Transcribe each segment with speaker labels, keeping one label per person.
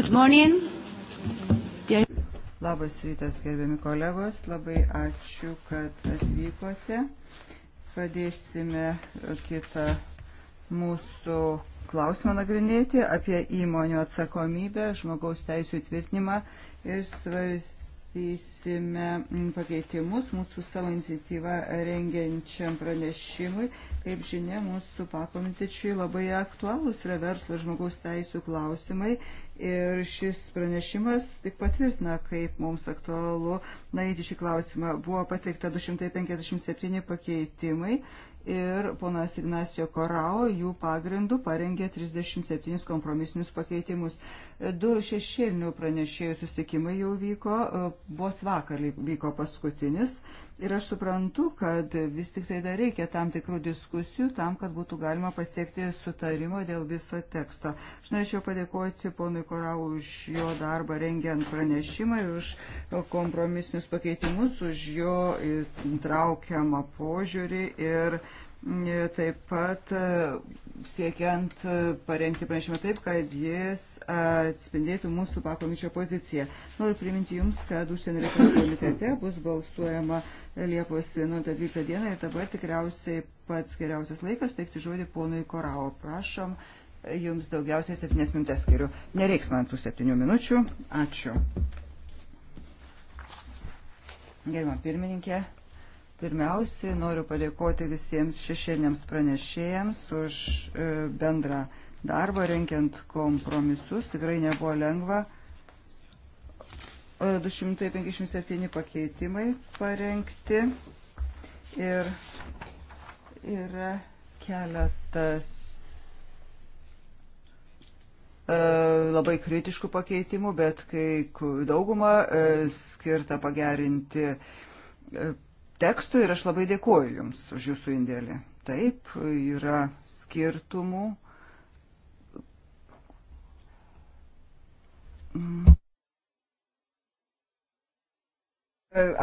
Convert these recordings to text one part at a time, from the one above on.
Speaker 1: Good morning. Labas rytas, gerbiami kolegos, labai ačiū, kad atvykote. Pradėsime kitą mūsų klausimą nagrinėti apie įmonių atsakomybę, žmogaus teisų įtvirtinimą ir svarstysime pakeitimus mūsų savo iniciatyvą rengiančiam pranešimui. Kaip žinia, mūsų pakomitečiui labai aktualūs yra verslo žmogaus teisų klausimai Ir šis pranešimas tik patvirtina, kaip mums aktualu naiti šį klausimą. Buvo pateikta 257 pakeitimai ir ponas Ignacio Korao jų pagrindų parengė 37 kompromisinius pakeitimus. Du šešėlinių pranešėjų susitikimai jau vyko, e, vos vakar vyko paskutinis. Ir aš suprantu, kad vis tik tai dar reikia tam tikrų diskusijų tam, kad būtų galima pasiekti sutarimo dėl viso teksto. Aš norėčiau padėkoti ponui Korau už jo darbą rengiant pranešimą ir už kompromisinius pakeitimus, už jo įtraukiamą požiūrį ir uh, E, taip pat e, siekiant e, parengti pranešimą taip, kad jis atspindėtų mūsų pakomičio poziciją. Noriu priminti Jums, kad užsienio reikalų komitete bus balsuojama Liepos 11-12 dieną ir dabar tikriausiai pats geriausias laikas teikti žodį ponui Korao. Prašom, Jums daugiausiai 7 minutės skiriu. Nereiks man tų 7 minučių. Ačiū. Gerima pirmininkė, Pirmiausiai noriu padėkoti visiems šešėniams pranešėjams už e, bendrą darbą, renkiant kompromisus. Tikrai nebuvo lengva. 257 e, pakeitimai parengti ir yra keletas e, labai kritiškų pakeitimų, bet kai dauguma skirta pagerinti tekstų ir aš labai dėkuoju Jums už Jūsų indėlį. Taip, yra skirtumų.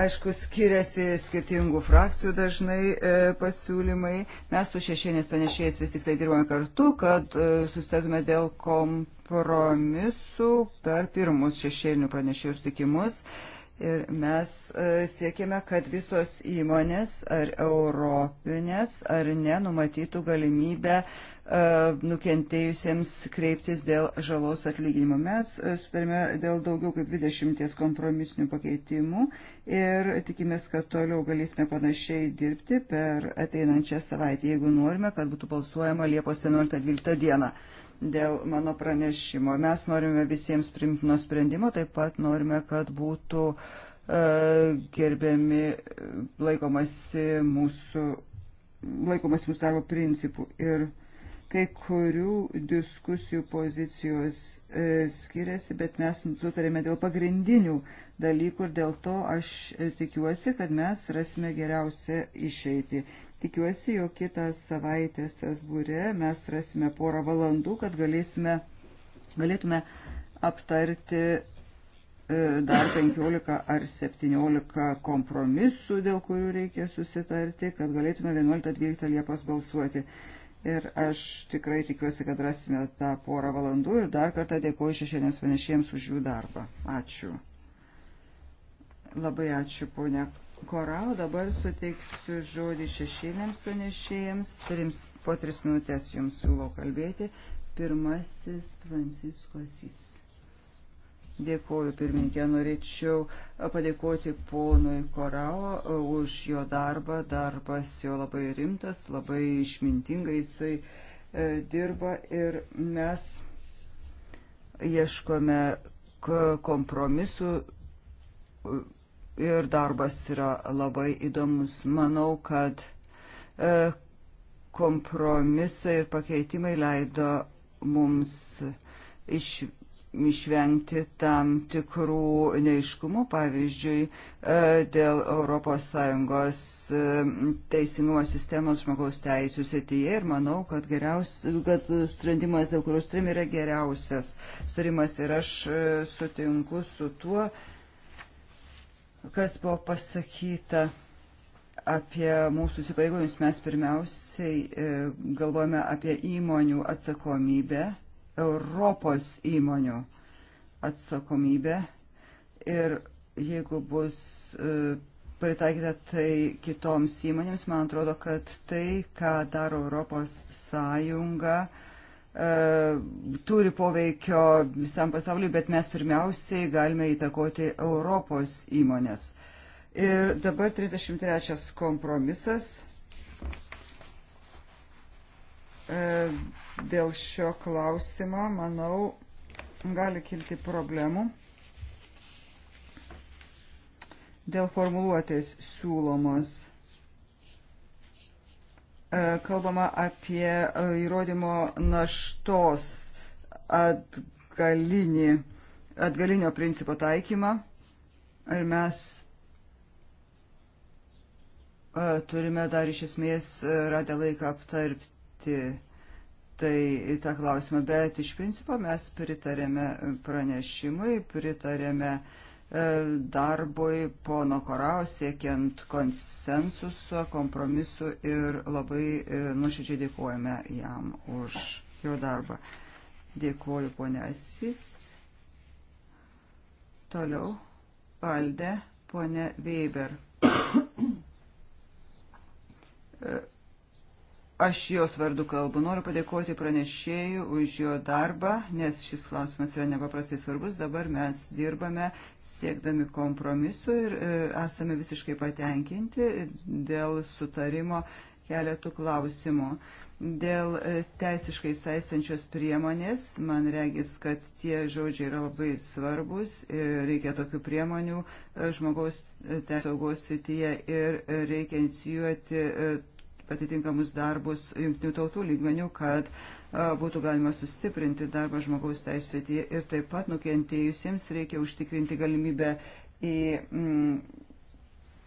Speaker 1: Aišku, skiriasi skirtingų frakcijų dažnai e, pasiūlymai. Mes su šešienės panešėjais vis tik tai dirbame kartu, kad e, susitėtume dėl kompromisų per pirmus šešienių pranešėjų sutikimus. E, Ir mes e, siekime, kad visos įmonės, ar europinės, ar ne, numatytų galimybę e, nukentėjusiems kreiptis dėl žalos atlyginimo. Mes e, sutarėme dėl daugiau kaip 20 kompromisinių pakeitimų ir tikimės, kad toliau galėsime panašiai dirbti per ateinančią savaitę, jeigu norime, kad būtų balsuojama Liepos 11-12 dieną dėl mano pranešimo. Mes norime visiems primtino sprendimo, taip pat norime, kad būtų e, gerbiami laikomasi mūsų, laikomasi mūsų darbo principų. Ir kai kurių diskusijų pozicijos e, skiriasi, bet mes sutarėme dėl pagrindinių dalykų ir dėl to aš e, tikiuosi, kad mes rasime geriausią išeitį. Tikiuosi, jog kitą savaitę Strasbūre mes rasime porą valandų, kad galėsime, galėtume aptarti e, dar 15 ar 17 kompromisų, dėl kurių reikia susitarti, kad galėtume 11-12 Liepos balsuoti. Ir aš tikrai tikiuosi, kad rasime tą porą valandų ir dar kartą dėkoju šešėlėms panešėjams už jų darbą. Ačiū. Labai ačiū, ponia Korau, dabar suteiksiu žodį šešėliams pranešėjams. Turims po tris minutės jums siūlau kalbėti. Pirmasis Franciskos jis. Dėkuoju pirmininkė, norėčiau padėkoti ponui Korao už jo darbą. Darbas jo labai rimtas, labai išmintingai jisai e, dirba ir mes ieškome kompromisų ir darbas yra labai įdomus. Manau, kad e, kompromisai ir pakeitimai leido mums iš, išvengti tam tikrų neiškumų, pavyzdžiui, e, dėl ES e, teisingumo sistemos žmogaus teisų srityje ir manau, kad, kad sprendimas, dėl kurios turim, yra geriausias surimas ir aš sutinku su tuo, kas buvo pasakyta apie mūsų įsipareigojimus. Mes pirmiausiai e, galvojame apie įmonių atsakomybę, Europos įmonių atsakomybę. Ir jeigu bus e, pritaikyta tai kitoms įmonėms, man atrodo, kad tai, ką daro Europos Sąjunga, E, turi poveikio visam pasauliu, bet mes pirmiausiai galime įtakoti Europos įmonės. Ir dabar 33 kompromisas e, dėl šio klausimo, manau, gali kilti problemų dėl formuluotės siūlomos. E, kalbama apie e, įrodymo naštos atgalinį, atgalinio principo taikymą. Ir mes e, turime dar iš esmės radę laiką aptarpti tai tą klausimą, bet iš principo mes pritarėme pranešimui, pritarėme uh, E, darbui pono Korao siekiant konsensuso, kompromisu ir labai e, nuoširdžiai dėkojame jam už jo darbą. Dėkuoju ponė Asis. Toliau valdė ponė Weber. E, Aš jos vardu kalbu. Noriu padėkoti pranešėjų už jo darbą, nes šis klausimas yra nepaprastai svarbus. Dabar mes dirbame siekdami kompromisu ir e, esame visiškai patenkinti dėl sutarimo keletų klausimų. Dėl e, teisiškai saisančios priemonės, man regis, kad tie žodžiai yra labai svarbus ir reikia tokių priemonių e, žmogaus e, teisės saugos srityje ir reikia inicijuoti patitinkamus darbus jungtinių tautų lygmenių, kad būtų galima sustiprinti darbą žmogaus teisų srityje ir taip pat nukentėjusiems reikia užtikrinti galimybę į mm,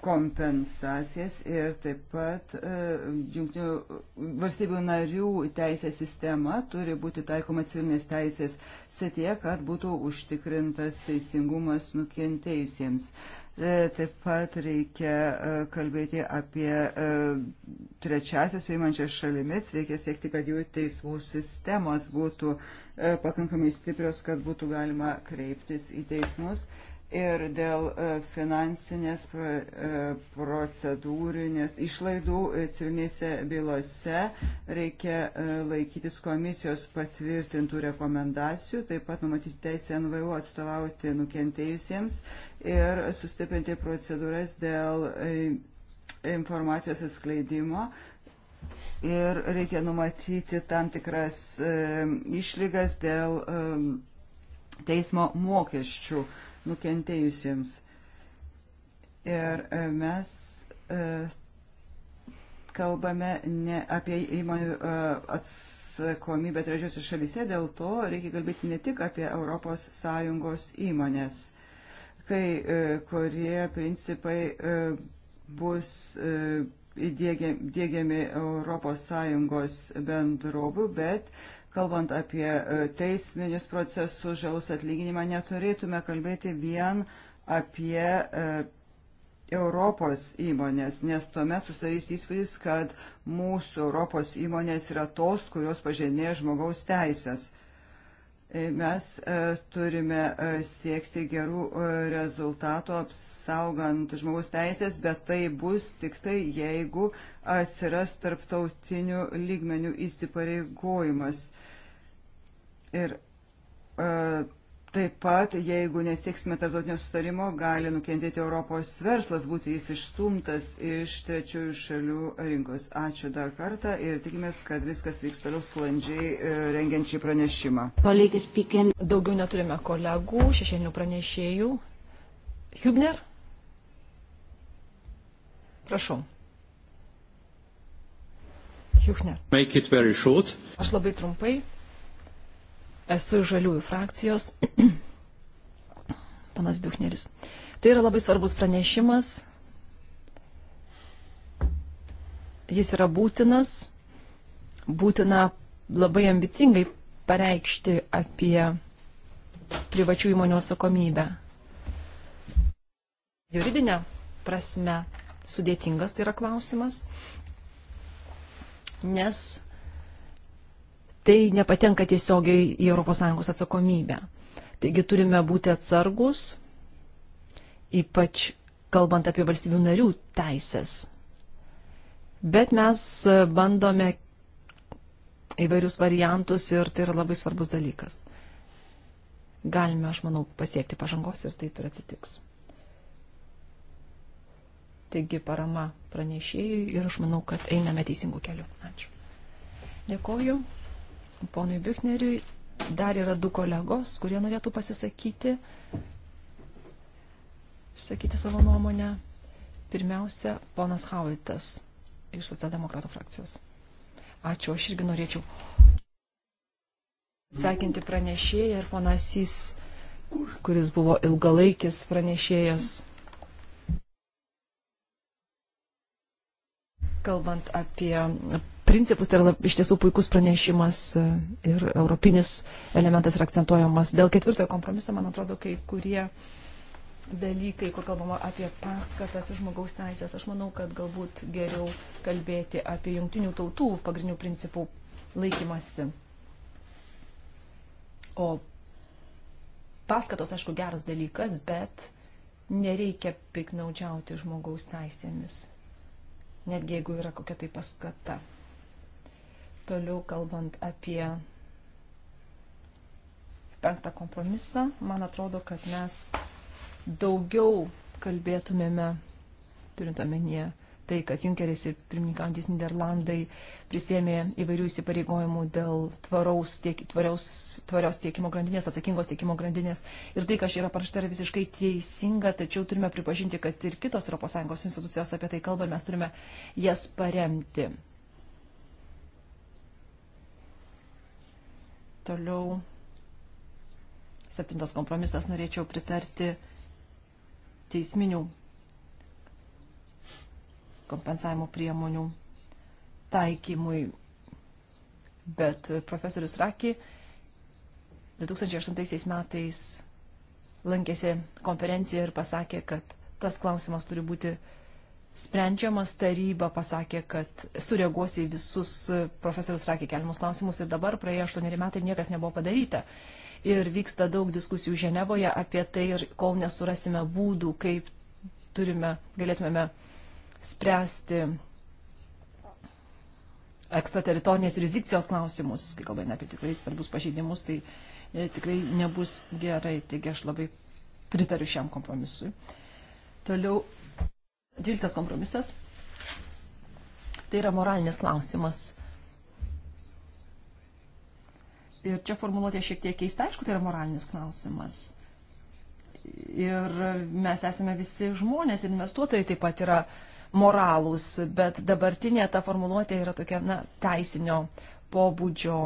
Speaker 1: kompensacijas ir taip pat e, jungtinių valstybių narių teisės sistema turi būti taikoma civilinės teisės setie, kad būtų užtikrintas teisingumas nukentėjusiems. E, taip pat reikia e, kalbėti apie trečiasias priimančias šalimis, reikia siekti, kad jų teismų sistemos būtų pakankamai stiprios, kad būtų galima kreiptis į teismus ir dėl e, finansinės e, procedūrinės išlaidų e, civilinėse bylose reikia laikytis komisijos patvirtintų rekomendacijų, taip pat numatyti teisę NVO atstovauti nukentėjusiems ir sustiprinti procedūras dėl informacijos atskleidimo. Ir reikia numatyti tam tikras e, išlygas dėl e, teismo mokesčių e, nukentėjusiems. Ir e, mes e, kalbame ne apie įmonių e, atsakomybę trečiosios šalyse, dėl to reikia kalbėti ne tik apie ES įmonės, kai kurie principai bus dėgiami ES bendrovų, bet kalbant apie e, teisminius procesus, žalus atlyginimą, neturėtume kalbėti vien apie e, Europos įmonės, nes tuomet susidarys įspūdis, kad mūsų Europos įmonės yra tos, kurios pažinėja žmogaus teisės. Mes e, turime e, siekti gerų e, rezultatų apsaugant žmogaus teisės, bet tai bus tik tai, jeigu atsiras tarptautinių lygmenių įsipareigojimas. Ir Taip pat, jeigu nesieksime tarptautinio sustarimo, gali nukentėti Europos verslas, būti jis išstumtas iš trečiųjų šalių rinkos. Ačiū dar kartą ir tikimės, kad viskas vyks toliau sklandžiai e, rengiančiai pranešimą.
Speaker 2: Daugiau neturime kolegų, šešėlinių pranešėjų. Hübner? Prašau.
Speaker 3: Hübner.
Speaker 2: Aš labai trumpai. Esu žaliųjų frakcijos. Panas Biuchneris. Tai yra labai svarbus pranešimas. Jis yra būtinas. Būtina labai ambicingai pareikšti apie privačių įmonių atsakomybę. Juridinė prasme sudėtingas tai yra klausimas, nes tai nepatenka tiesiogiai į ES atsakomybę. Taigi turime būti atsargus, ypač kalbant apie valstybių narių teisės. Bet mes bandome įvairius variantus ir tai yra labai svarbus dalykas. Galime, aš manau, pasiekti pažangos ir taip ir atsitiks. Taigi parama pranešėjui ir aš manau, kad einame teisingų kelių. Ačiū. Dėkoju ponui Büchneriui. Dar yra du kolegos, kurie norėtų pasisakyti, išsakyti savo nuomonę. Pirmiausia, ponas Hauitas iš Socialdemokratų frakcijos. Ačiū, aš irgi norėčiau sveikinti pranešėją ir ponas Jis, kuris buvo ilgalaikis pranešėjas. Kalbant apie principus, tai yra iš tiesų puikus pranešimas e, ir europinis elementas yra akcentuojamas. Dėl ketvirtojo kompromiso, man atrodo, kai kurie dalykai, kur kalbama apie paskatas ir žmogaus teisės, aš manau, kad galbūt geriau kalbėti apie jungtinių tautų pagrindinių principų laikymasi. O paskatos, aišku, geras dalykas, bet nereikia piknaudžiauti žmogaus teisėmis, netgi jeigu yra kokia tai paskata. Toliau kalbant apie penktą kompromisą, man atrodo, kad mes daugiau kalbėtumėme, turint omenyje tai, kad Junkeris ir pirmininkantis Niderlandai prisėmė įvairių įsipareigojimų dėl tvaraus, tiek, tvariaus, tvarios tiekimo grandinės, atsakingos tiekimo grandinės. Ir tai, kas yra parašta, yra visiškai teisinga, tačiau turime pripažinti, kad ir kitos ES institucijos apie tai kalba ir mes turime jas paremti. Toliau septintas kompromisas norėčiau pritarti teisminių kompensavimo priemonių taikymui. Bet profesorius Raki 2008 metais lankėsi konferencijoje ir pasakė, kad tas klausimas turi būti sprendžiamas taryba pasakė, kad sureaguos į visus profesorius Rakį keliamus klausimus ir dabar praėjo 8 metai ir niekas nebuvo padaryta. Ir vyksta daug diskusijų Ženevoje apie tai ir kol nesurasime būdų, kaip turime, galėtumėme spręsti ekstrateritorinės jurisdikcijos klausimus, kai kalbame apie tikrai svarbus pažeidimus, tai e, tikrai nebus gerai. Taigi aš labai pritariu šiam kompromisui. Toliau 12 kompromisas. Tai yra moralinis klausimas. Ir čia formuluotė šiek tiek keista, aišku, tai yra moralinis klausimas. Ir mes esame visi žmonės, investuotojai taip pat yra moralūs, bet dabartinė ta formuluotė yra tokia, na, teisinio pobūdžio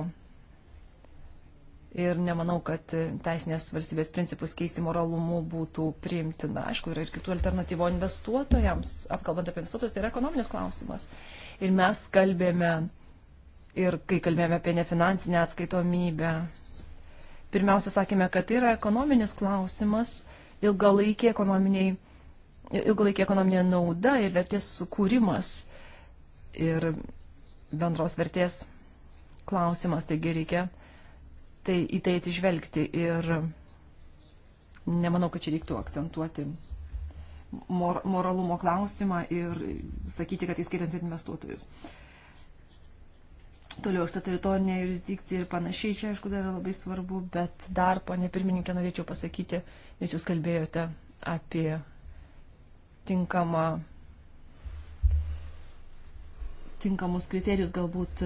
Speaker 2: ir nemanau, kad teisinės valstybės principus keisti moralumu būtų priimtina. Aišku, yra ir kitų alternatyvų investuotojams, apkalbant apie investuotojus, tai yra ekonominis klausimas. Ir mes kalbėme, ir kai kalbėjome apie nefinansinę atskaitomybę, pirmiausia sakėme, kad tai yra ekonominis klausimas, ilgalaikė ekonominė, ilgalaikė ekonominė nauda ir vertės sukūrimas ir bendros vertės klausimas, taigi reikia tai, į tai atsižvelgti ir nemanau, kad čia reiktų akcentuoti mor, moralumo klausimą ir sakyti, kad įskaitant tai investuotojus. Toliau ta teritorinė jurisdikcija ir panašiai čia, aišku, dar yra labai svarbu, bet dar, ponė pirmininkė, norėčiau pasakyti, nes jūs kalbėjote apie tinkamą, tinkamus kriterijus galbūt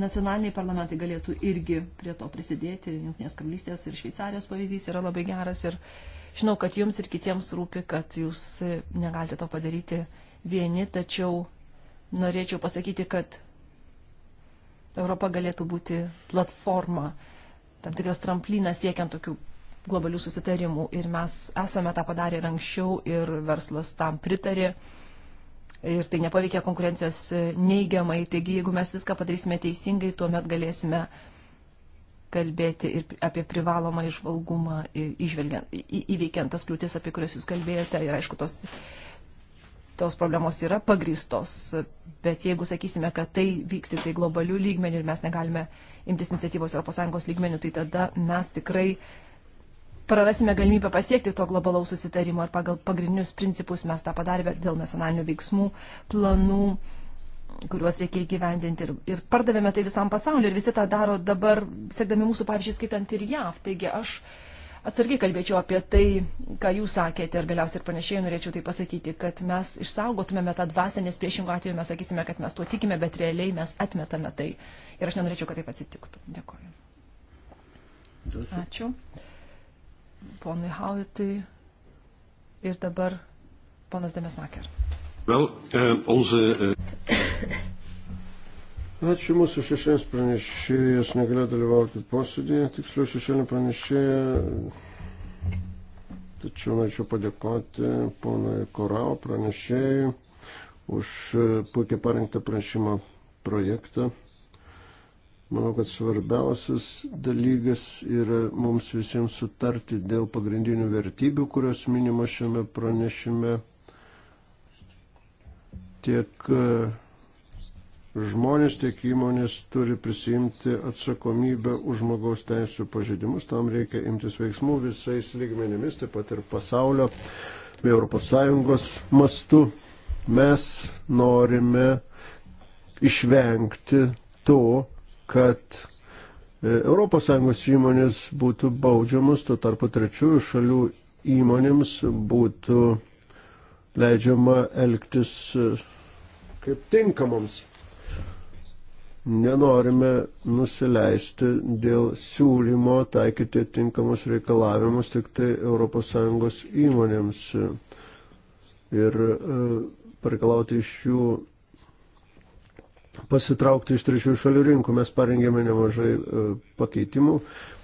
Speaker 2: nacionaliniai parlamentai galėtų irgi prie to prisidėti. Junktinės karalystės ir Šveicarijos pavyzdys yra labai geras ir žinau, kad jums ir kitiems rūpi, kad jūs negalite to padaryti vieni, tačiau norėčiau pasakyti, kad Europa galėtų būti platforma, tam tikras tramplynas siekiant tokių globalių susitarimų ir mes esame tą padarę ir anksčiau ir verslas tam pritarė ir tai nepaveikia konkurencijos e, neigiamai. Taigi, jeigu mes viską padarysime teisingai, tuomet galėsime kalbėti ir apie privalomą išvalgumą, įveikiant tas kliūtis, apie kurias jūs kalbėjote. Ir aišku, tos, tos problemos yra pagristos, bet jeigu sakysime, kad tai vyks tik tai globalių lygmenių ir mes negalime imtis iniciatyvos ES lygmenių, tai tada mes tikrai prarasime galimybę pasiekti to globalaus susitarimo ir pagal pagrindinius principus mes tą padarėme dėl nacionalinių veiksmų, planų, kuriuos reikia įgyvendinti ir, ir pardavėme tai visam pasauliu ir visi tą daro dabar, sekdami mūsų pavyzdžiui, skaitant ir JAV. Taigi aš atsargiai kalbėčiau apie tai, ką jūs sakėte ir galiausiai ir panašiai norėčiau tai pasakyti, kad mes išsaugotumėme tą dvasę, nes priešingų atveju mes sakysime, kad mes tuo tikime, bet realiai mes atmetame tai. Ir aš nenorėčiau, kad taip atsitiktų. Dėkuoju. Ačiū ponui Haujitui ir dabar ponas Demesnaker.
Speaker 4: Well, um, also, uh... Ačiū mūsų šešiems pranešėjas negalėjo dalyvauti posėdėje, tiksliau šešėlį pranešėją. Tačiau norėčiau padėkoti ponui Korao pranešėjui už puikiai parengtą pranešimo projektą. Manau, kad svarbiausias dalykas yra mums visiems sutarti dėl pagrindinių vertybių, kurios minimo šiame pranešime tiek e, žmonės, tiek įmonės turi prisijimti atsakomybę už žmogaus teisų pažeidimus. Tam reikia imtis veiksmų visais lygmenimis, taip pat ir pasaulio bei Europos Sąjungos mastu. Mes norime išvengti to, kad ES įmonės būtų baudžiamus, tuo tarpu trečiųjų šalių įmonėms būtų leidžiama elgtis e, kaip tinkamoms. Nenorime nusileisti dėl siūlymo taikyti tinkamus reikalavimus tik tai ES įmonėms e, ir e, pareikalauti iš jų pasitraukti iš trečiųjų šalių rinkų. Mes parengėme nemažai e, pakeitimų,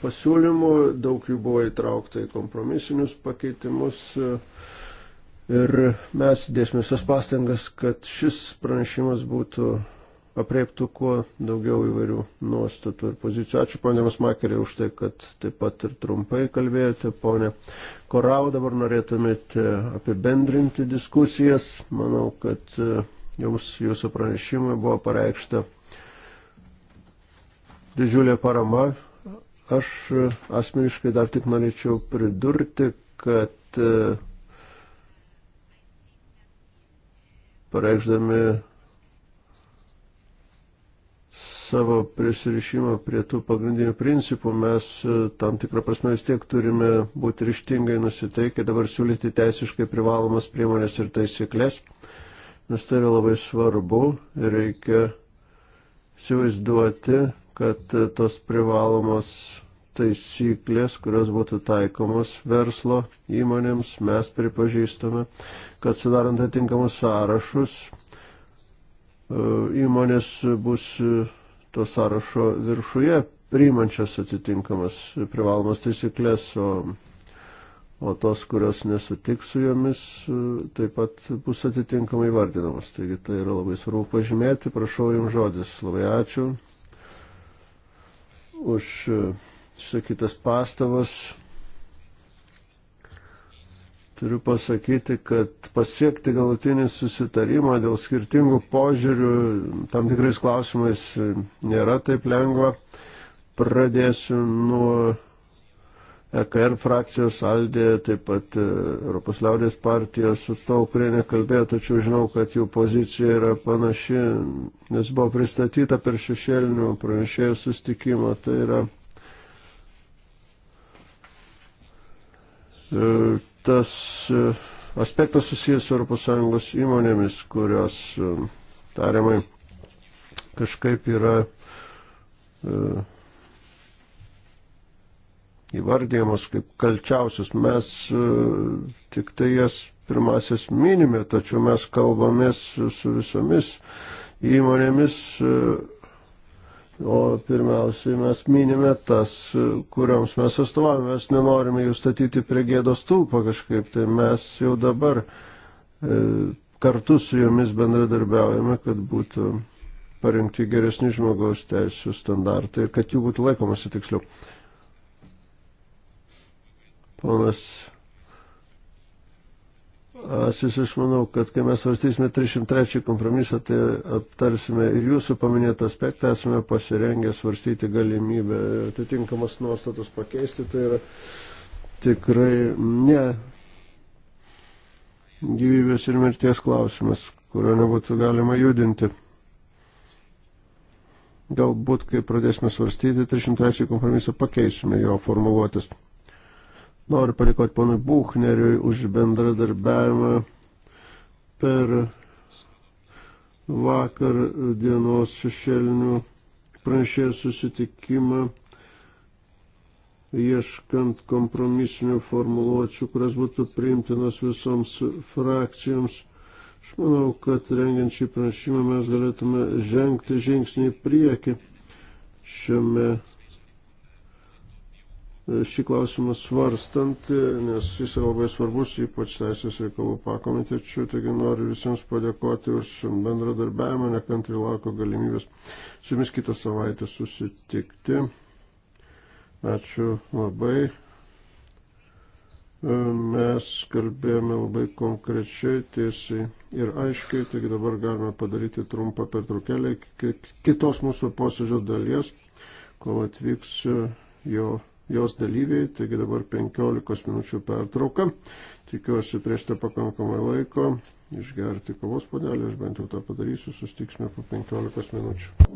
Speaker 4: pasiūlymų, daug jų buvo įtraukta į kompromisinius pakeitimus. E, ir mes dėsime visas pastangas, kad šis pranešimas būtų apreiptų kuo daugiau įvairių nuostatų ir pozicijų. Ačiū ponė Masmakerė už tai, kad taip pat ir trumpai kalbėjote. Pone Korau, dabar norėtumėte apibendrinti diskusijas. Manau, kad e, Jums jūsų pranešimui buvo pareikšta didžiulė parama. Aš asmeniškai dar tik norėčiau pridurti, kad e, pareikšdami savo prisirišimą prie tų pagrindinių principų mes e, tam tikrą prasme vis tiek turime būti ryštingai nusiteikę dabar siūlyti teisiškai privalomas priemonės ir taisyklės nes tai yra labai svarbu ir reikia įsivaizduoti, kad e, tos privalomos taisyklės, kurios būtų taikomos verslo įmonėms, mes pripažįstame, kad sudarant atitinkamus sąrašus, e, įmonės bus e, to sąrašo viršuje priimančias atitinkamas privalomas taisyklės, o o tos, kurios nesutiks su jomis, e, taip pat bus atitinkamai vardinamos. Taigi tai yra labai svarbu pažymėti. Prašau Jums žodis. Labai ačiū už e, išsakytas pastabas. Turiu pasakyti, kad pasiekti galutinį susitarimą dėl skirtingų požiūrių tam tikrais klausimais e, nėra taip lengva. Pradėsiu nuo EKR frakcijos, Aldė, taip pat e, Europos liaudės partijos atstovų, kurie nekalbėjo, tačiau žinau, kad jų pozicija yra panaši, nes buvo pristatyta per šešėlinių pranešėjų sustikimą. Tai yra e, tas e, aspektas susijęs su ES įmonėmis, kurios tariamai kažkaip yra įvardyjamos kaip kalčiausius. Mes e, tik tai jas pirmasis minime, tačiau mes kalbamės su visomis įmonėmis, e, o pirmiausiai mes minime tas, e, kuriams mes atstovavome. Mes nenorime jų statyti prie gėdos tulpo kažkaip, tai mes jau dabar kartu su jomis bendradarbiaujame, kad būtų parengti geresni žmogaus teisų standartai ir kad jų būtų laikomasi tiksliau. Ponas Asis, aš manau, kad kai mes svarstysime 303 kompromisą, tai aptarsime ir jūsų paminėtą aspektą, esame pasirengę svarstyti galimybę atitinkamas nuostatus pakeisti, tai yra tikrai ne gyvybės ir mirties klausimas, kurio nebūtų galima judinti. Galbūt, kai pradėsime svarstyti, 303 kompromisą pakeisime jo formuluotis. Noriu padėkoti ponui Buchneriui už bendradarbiavimą per vakar dienos šešėlinių pranešėjų susitikimą, ieškant kompromisinių formuluočių, kurias būtų priimtinas visoms frakcijoms. Aš manau, kad rengiant šį pranešimą mes galėtume žengti žingsnį į priekį šiame šį klausimą svarstant, nes jis yra labai svarbus, ypač teisės reikalų pakomitečių, taigi noriu visiems padėkoti už bendradarbiavimą, nekantri lauko galimybės su jumis kitą savaitę susitikti. Ačiū labai. Mes kalbėjome labai konkrečiai, tiesiai ir aiškiai, taigi dabar galime padaryti trumpą pertraukėlę kitos mūsų posėdžio dalies, kol atvyks jo jos dalyviai. Taigi dabar 15 minučių pertrauka. Tikiuosi, turėsite pakankamai laiko išgerti kavos puodelį, aš bent jau tą padarysiu, sustiksime po 15 minučių.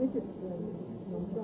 Speaker 5: non so, non so,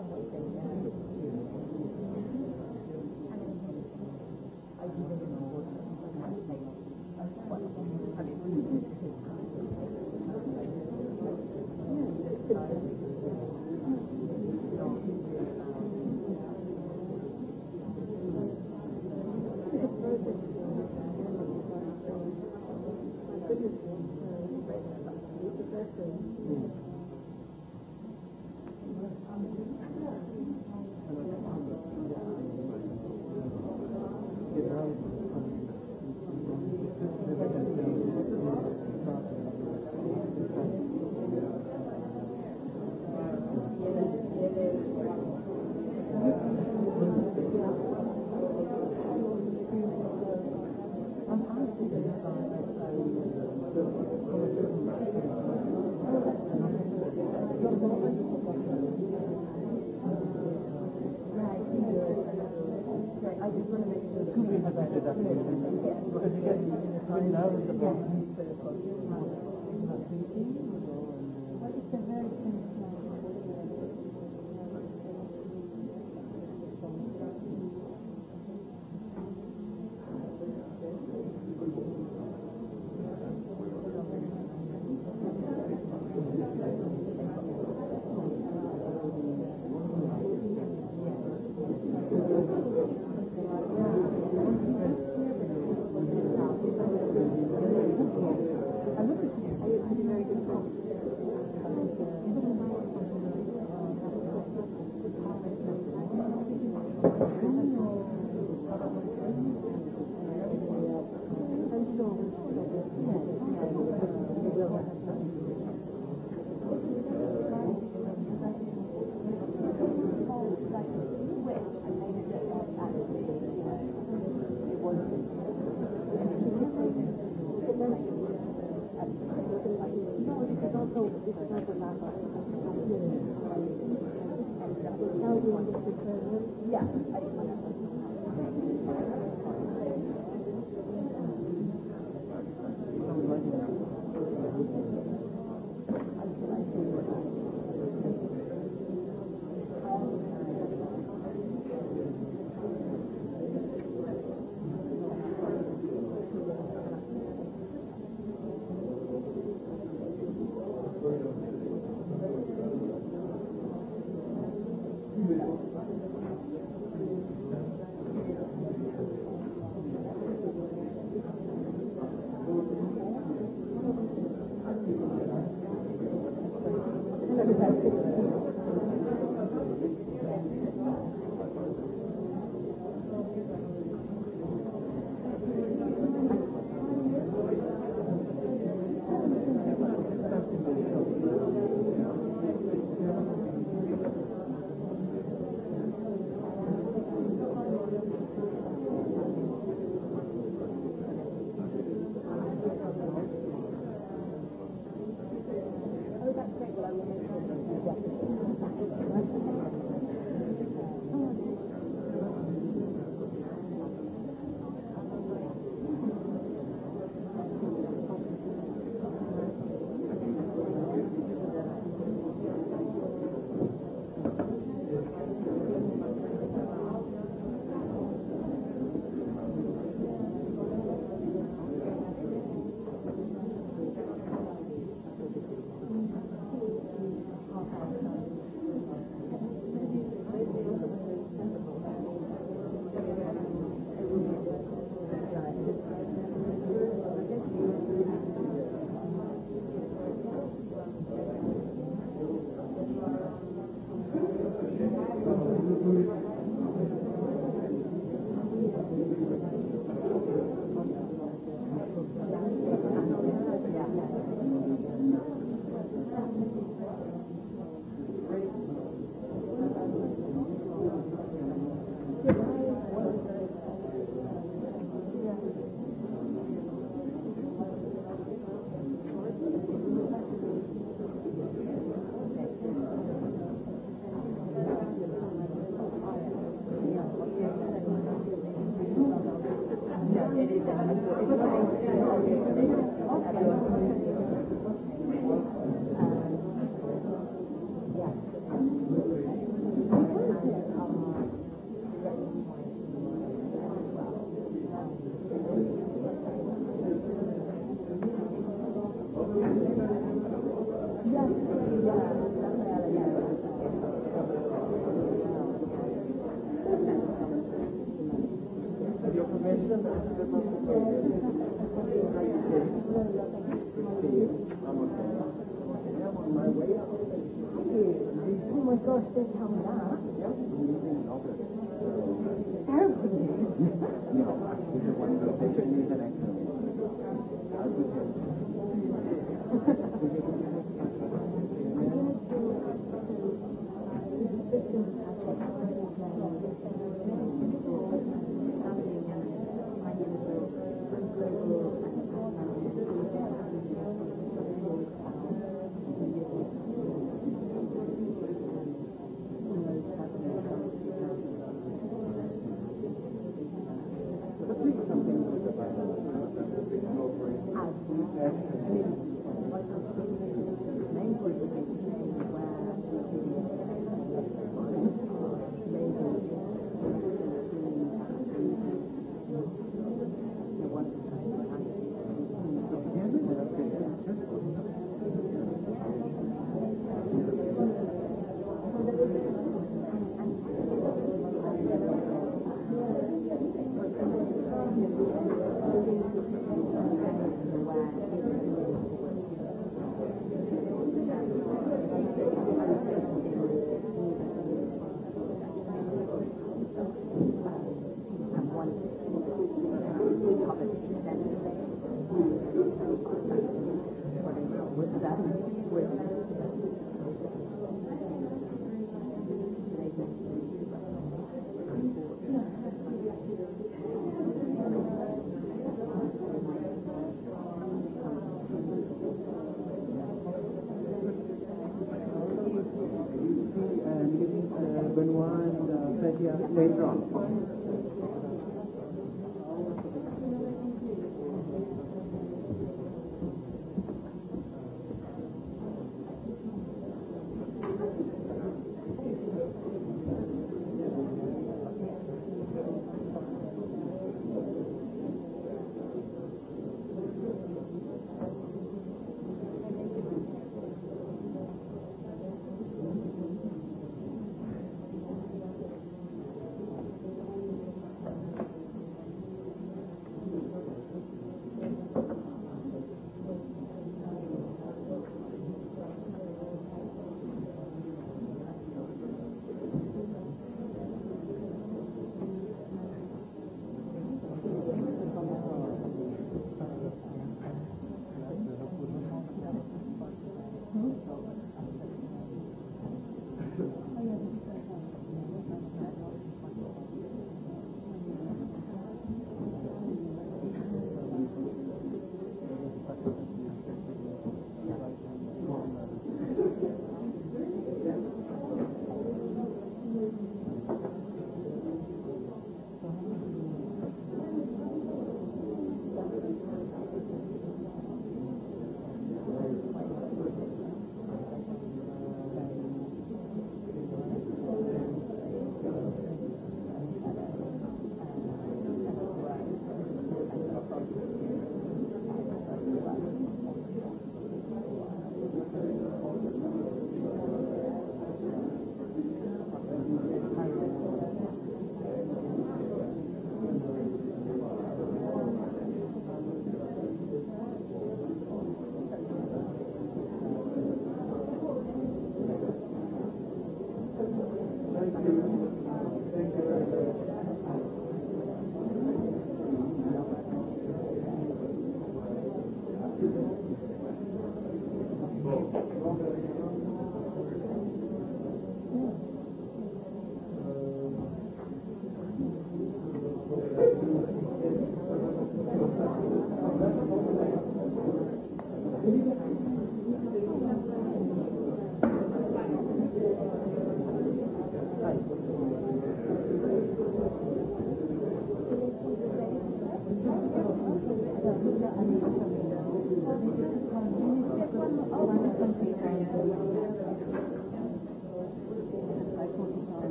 Speaker 5: Thank you.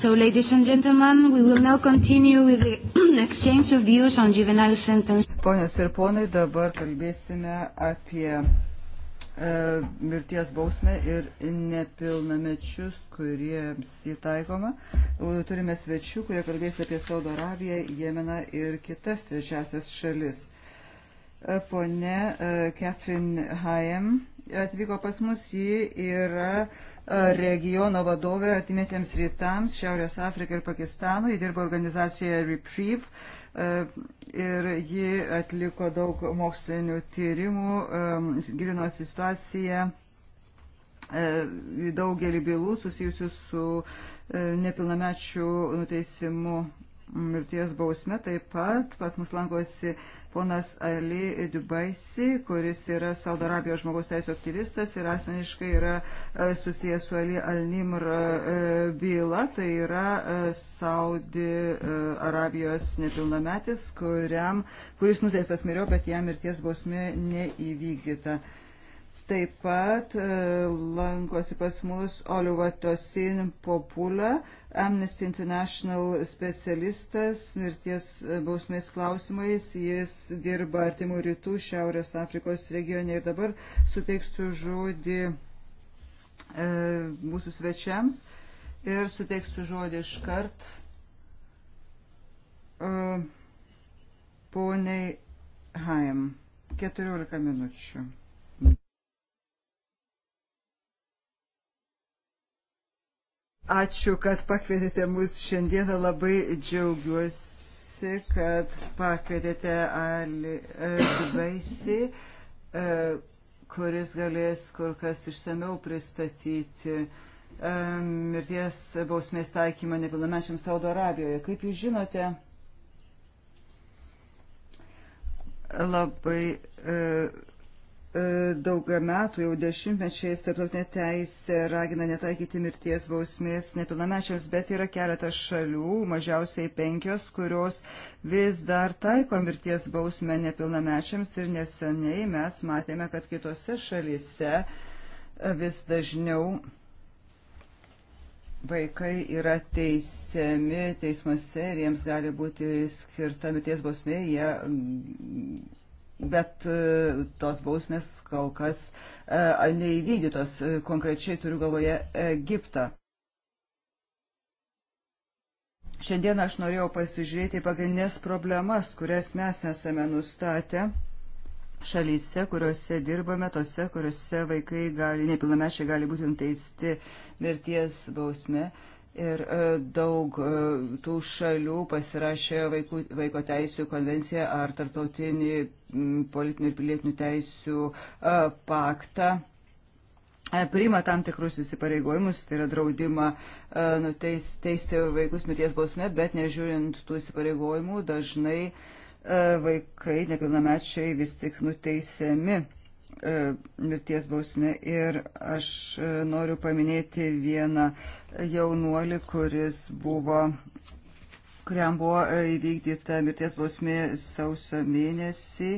Speaker 1: So, ladies and gentlemen, we will now continue with the exchange of views on juvenile sentence. Ponios ir ponai, dabar kalbėsime apie e, mirties bausmę ir nepilnamečius, kuriems įtaikoma. Turime svečių, kurie kalbės apie Saudo Arabiją, Jemeną ir kitas trečiasias šalis. E, pone e, Catherine Haim atvyko pas mus, ji yra regiono vadovė artimiesiems rytams Šiaurės Afrikai ir Pakistanui. Ji dirbo organizacijoje Reprieve e, ir ji atliko daug mokslinių tyrimų, gilinosi situaciją e, į daugelį bylų susijusių su e, nepilnamečių nuteisimu mirties bausme. Taip pat pas mus lankosi uh, Ponas Ali Dubaisi, kuris yra Saudo Arabijos žmogaus teisų aktyvistas ir asmeniškai yra e, susijęs su Ali Al-Nimr e, byla, tai yra e, Saudi Arabijos nepilnametis, kuriam, kuris nuteistas miriau, bet jam mirties bausmė neįvykdyta. Taip pat lankosi pas mus Oliuva Tosin Popula, Amnesty International specialistas mirties bausmės klausimais. Jis dirba Artimų rytų Šiaurės Afrikos regione ir dabar suteiksiu žodį e, mūsų svečiams ir suteiksiu žodį iškart e, poniai Haim. 14 minučių. Ačiū, kad pakvietėte mus šiandieną. Labai džiaugiuosi, kad pakvietėte Ali e, Dubaisi, e, kuris galės kur kas išsameu pristatyti e, mirties bausmės taikymą nepilnamečiams Saudo Arabijoje. Kaip jūs žinote, labai E, daugą metų, jau dešimtmečiais, tarptautinė teisė ragina netaikyti mirties bausmės nepilnamečiams, bet yra keletas šalių, mažiausiai penkios, kurios vis dar taiko mirties bausmę nepilnamečiams ir neseniai mes matėme, kad kitose šalyse vis dažniau vaikai yra teisiami teismuose ir jiems gali būti skirta mirties bausmė, jie bet e, tos bausmės kol kas e, neįvykdytos, e, konkrečiai turiu galvoje Egiptą. Šiandien aš norėjau pasižiūrėti pagrindinės problemas, kurias mes esame nustatę šalyse, kuriuose dirbame, tose, kuriuose vaikai gali, nepilnamečiai gali būti nuteisti mirties bausme. Ir daug tų šalių pasirašė vaikų, vaiko teisų konvenciją ar tarptautinį politinių ir pilietinių teisių e, paktą e, priima tam tikrus įsipareigojimus, tai yra draudimą e, nuteis, teisti vaikus mirties bausme, bet nežiūrint tų įsipareigojimų, dažnai vaikai nepilnamečiai vis tik nuteisiami mirties bausme. Ir aš noriu paminėti vieną jaunuolį, kuris buvo kuriam buvo e, įvykdyta mirties bausmė sausio mėnesį.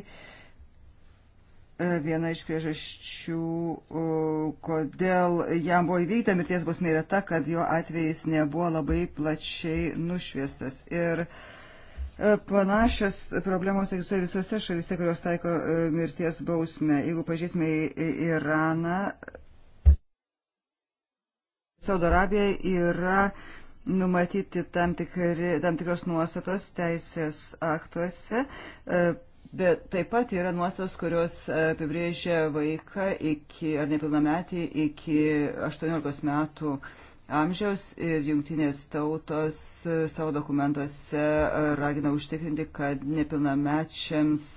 Speaker 1: E, viena iš priežasčių, kodėl jam buvo įvykdyta mirties bausmė, yra ta, kad jo atvejais nebuvo labai plačiai nušviestas. Ir e, Panašios problemos egzistuoja visose šalise, kurios taiko mirties bausmę. Jeigu pažiūrėsime į Iraną, Saudo Arabija yra uh, numatyti tam, tikri, tam tikros nuostatos teisės aktuose, e, bet taip pat yra nuostatos, kurios apibrėžia vaiką iki, ar nepilnametį iki 18 metų amžiaus ir jungtinės tautos e, savo dokumentuose e, ragina užtikrinti, kad nepilnamečiams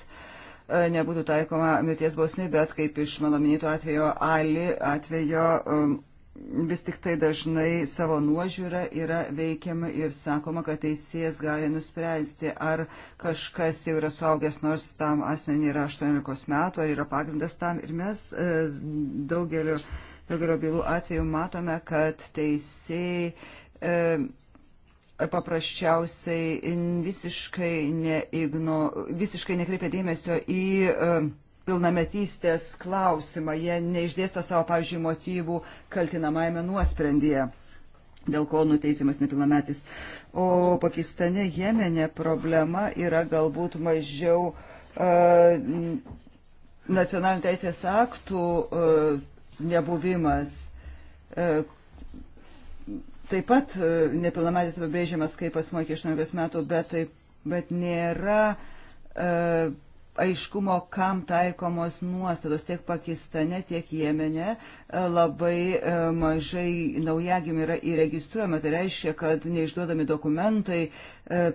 Speaker 1: nebūtų taikoma mirties bausmė, bet kaip iš mano minėto atvejo Ali atvejo vis tik tai dažnai savo nuožiūra yra veikiama ir sakoma, kad teisėjas gali nuspręsti, ar kažkas jau yra suaugęs, nors tam asmeniai yra 18 metų, ar yra pagrindas tam. Ir mes e, daugeliu, daugeliu bylų atveju matome, kad teisėjai e, paprasčiausiai visiškai, neigno, visiškai nekreipia dėmesio į e, pilnametystės klausimą. Jie neišdėsta savo, pavyzdžiui, motyvų kaltinamajame nuosprendyje dėl ko nuteisimas nepilnametis. O Pakistane, Jemenė problema yra galbūt mažiau uh, nacionalinių teisės aktų uh, nebuvimas. Uh, taip pat uh, nepilnametis apibrėžiamas kaip asmo iki 18 metų, bet, taip, bet nėra uh, aiškumo, kam taikomos nuostatos tiek Pakistane, tiek Jemene, e, labai e, mažai naujagim yra įregistruojama. Tai reiškia, kad neišduodami dokumentai e,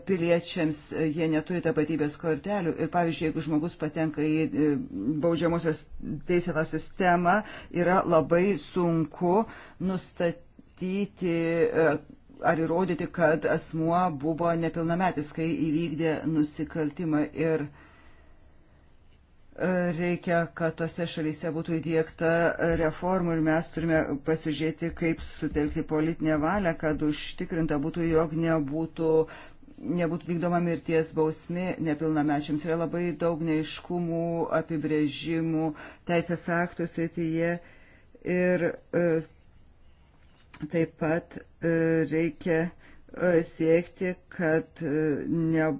Speaker 1: piliečiams jie neturi tapatybės kortelių. Ir pavyzdžiui, jeigu žmogus patenka į baudžiamosios teisėto sistemą, yra labai sunku nustatyti ar įrodyti, kad asmuo buvo nepilnametis, kai įvykdė nusikaltimą. Ir Reikia, kad tose šalyse būtų įdėkta reformų ir mes turime pasižiūrėti, kaip sutelkti politinę valią, kad užtikrinta būtų, jog nebūtų nebūtų vykdoma mirties bausmi nepilnamečiams. Yra labai daug neiškumų, apibrėžimų teisės aktų srityje ir e, taip pat e, reikia e, siekti, kad e, ne,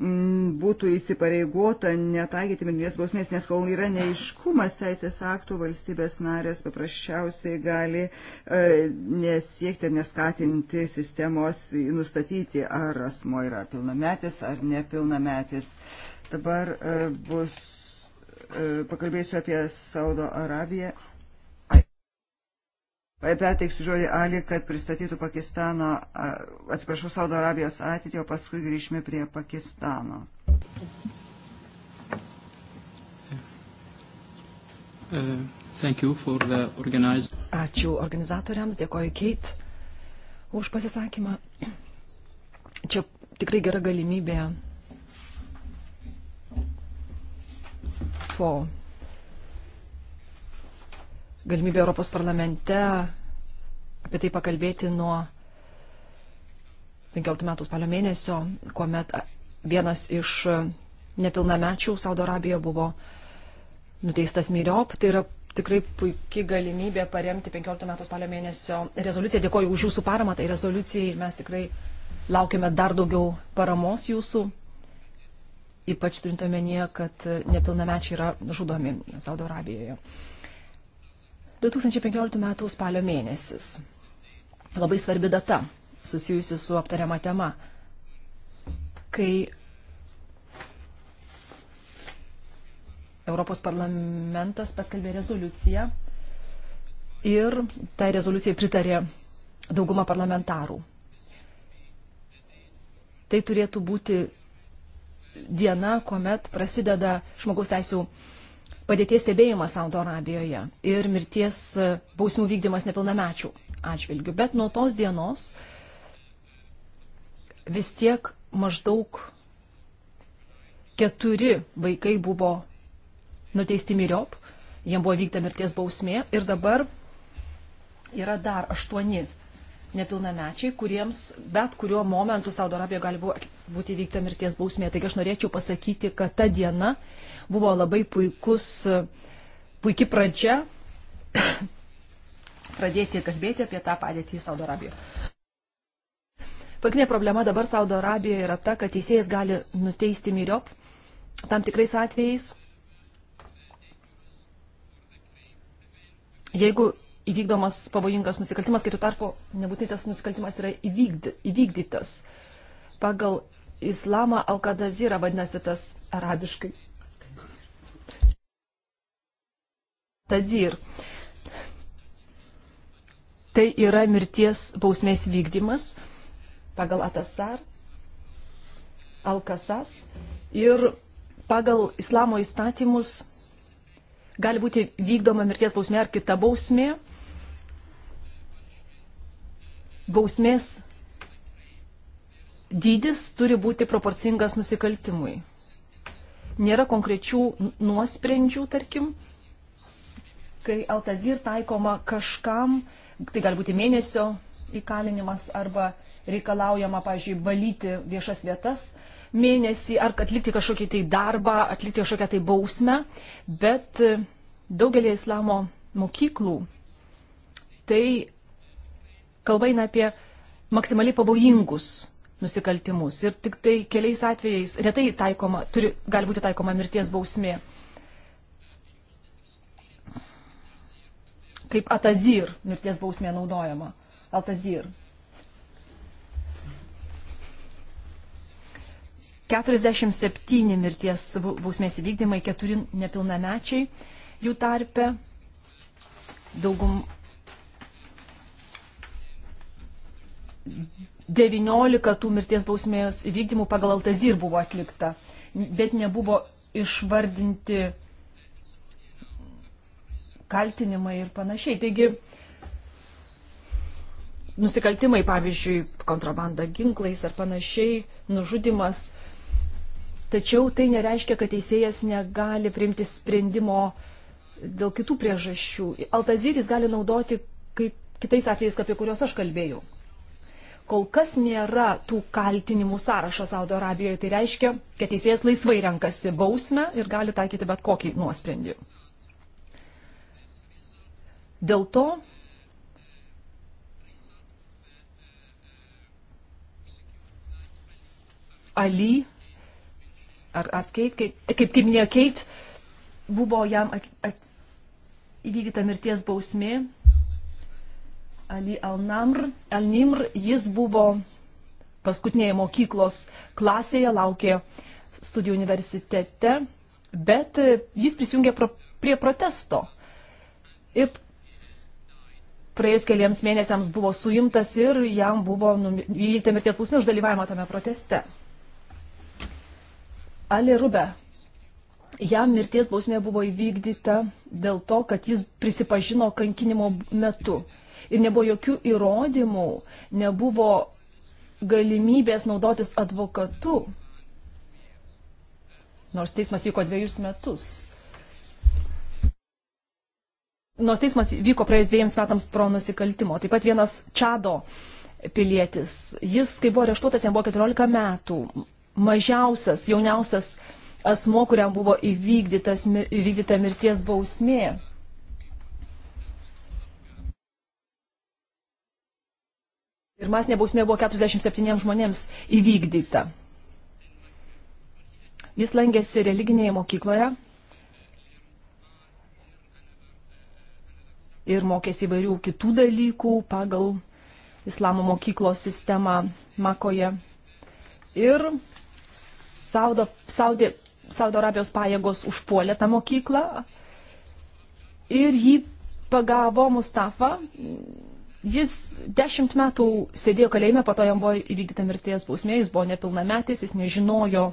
Speaker 1: būtų įsipareigota netaikyti mirties bausmės, nes kol yra neiškumas teisės aktų, valstybės narės paprasčiausiai gali e, nesiekti ir neskatinti sistemos nustatyti, ar asmo yra pilnametis ar nepilnametis. Dabar e, bus, e, pakalbėsiu apie Saudo Arabiją Perteiksiu žodį Ali, kad pristatytų Pakistano, atsiprašau, Saudo Arabijos ateitį, o paskui grįžime prie Pakistano.
Speaker 3: Uh,
Speaker 2: Ačiū organizatoriams, dėkoju Keit už pasisakymą. Čia tikrai gera galimybė po galimybė Europos parlamente apie tai pakalbėti nuo 15 metų spalio mėnesio, kuomet vienas iš nepilnamečių Saudo Arabijoje buvo nuteistas myriop. Tai yra tikrai puikia galimybė paremti 15 metų spalio mėnesio rezoliuciją. Dėkoju už jūsų paramą tai rezoliucijai ir mes tikrai laukiame dar daugiau paramos jūsų, ypač turint omenyje, kad nepilnamečiai yra žudomi Saudo Arabijoje. 2015 m. spalio mėnesis. Labai svarbi data susijusi su aptariama tema, kai Europos parlamentas paskelbė rezoliuciją ir tai rezoliucijai pritarė dauguma parlamentarų. Tai turėtų būti diena, kuomet prasideda žmogaus teisų padėties stebėjimas Saudo Arabijoje ir mirties e, bausmų vykdymas nepilnamečių atžvilgių. Bet nuo tos dienos vis tiek maždaug keturi vaikai buvo nuteisti myriop, jiems buvo vykta mirties bausmė ir dabar yra dar aštuoni nepilnamečiai, kuriems bet kuriuo momentu Saudo Arabijoje gali būti įvykta mirties bausmė. Taigi aš norėčiau pasakyti, kad ta diena buvo labai puikus, puikia pradžia pradėti kalbėti apie tą padėtį Saudo Arabijoje. Pagrindinė problema dabar Saudo Arabijoje yra ta, kad teisėjas gali nuteisti myriop tam tikrais atvejais, jeigu įvykdomas pavojingas nusikaltimas, kai tuo tarpu nebūtinai tas nusikaltimas yra įvykdy, įvykdytas. Pagal islamą Al-Qadazira vadinasi tas arabiškai. Tazir. Tai yra mirties bausmės vykdymas pagal Atasar, Al-Kasas ir pagal islamo įstatymus gali būti vykdoma mirties bausmė ar kita bausmė bausmės dydis turi būti proporcingas nusikaltimui. Nėra konkrečių nuosprendžių, tarkim, kai Altazir taikoma kažkam, tai gali būti mėnesio įkalinimas arba reikalaujama, pažiūrėjau, valyti viešas vietas mėnesį ar atlikti kažkokį tai darbą, atlikti kažkokią tai bausmę, bet daugelį islamo mokyklų tai kalba eina apie maksimaliai pavojingus nusikaltimus. Ir tik tai keliais atvejais retai taikoma, turi, gali būti taikoma mirties bausmė. Kaip atazir mirties bausmė naudojama. Altazir. 47 mirties bausmės įvykdymai, 4 nepilnamečiai jų tarpe. Daugum, 19 tų mirties bausmės įvykdymų pagal Altazir buvo atlikta, bet nebuvo išvardinti kaltinimai ir panašiai. Taigi, nusikaltimai, pavyzdžiui, kontrabanda ginklais ar panašiai, nužudimas. Tačiau tai nereiškia, kad teisėjas negali priimti sprendimo dėl kitų priežasčių. Altaziris gali naudoti kaip kitais atvejais, apie kuriuos aš kalbėjau kol kas nėra tų kaltinimų sąrašo Saudo Arabijoje. Tai reiškia, kad teisėjas laisvai renkasi bausmę ir gali taikyti bet kokį nuosprendį. Dėl to Ali, ar Askeit, kaip, kaip, kaip minėjo Keit, buvo jam at, at, įvykdyta mirties bausmė Ali Al-Namr, Al-Nimr, jis buvo paskutinėje mokyklos klasėje, laukė studijų universitete, bet e, jis prisijungė pro, prie protesto. Ir praėjus keliams mėnesiams buvo suimtas ir jam buvo įvykdyta mirties bausmė už dalyvavimą tame proteste. Ali Rube. Jam mirties bausmė buvo įvykdyta dėl to, kad jis prisipažino kankinimo metu ir nebuvo jokių įrodymų, nebuvo galimybės naudotis advokatu. Nors teismas vyko dviejus metus. Nors teismas vyko praėjus dviejams metams pro nusikaltimo. Taip pat vienas Čado pilietis. Jis, kai buvo areštuotas, jam buvo 14 metų. Mažiausias, jauniausias asmo, kuriam buvo įvykdytas, įvykdyta mirties bausmė. Ir masinė bausmė buvo 47 žmonėms įvykdyta. Jis langėsi religinėje mokykloje ir mokėsi įvairių kitų dalykų pagal islamo mokyklos sistemą Makoje. Ir Saudo, Saudė, Saudo Arabijos pajėgos užpuolė tą mokyklą ir jį pagavo Mustafa, Jis dešimt metų sėdėjo kalėjime, po to jam buvo įvykdyta mirties bausmė, jis buvo nepilnametis, jis nežinojo,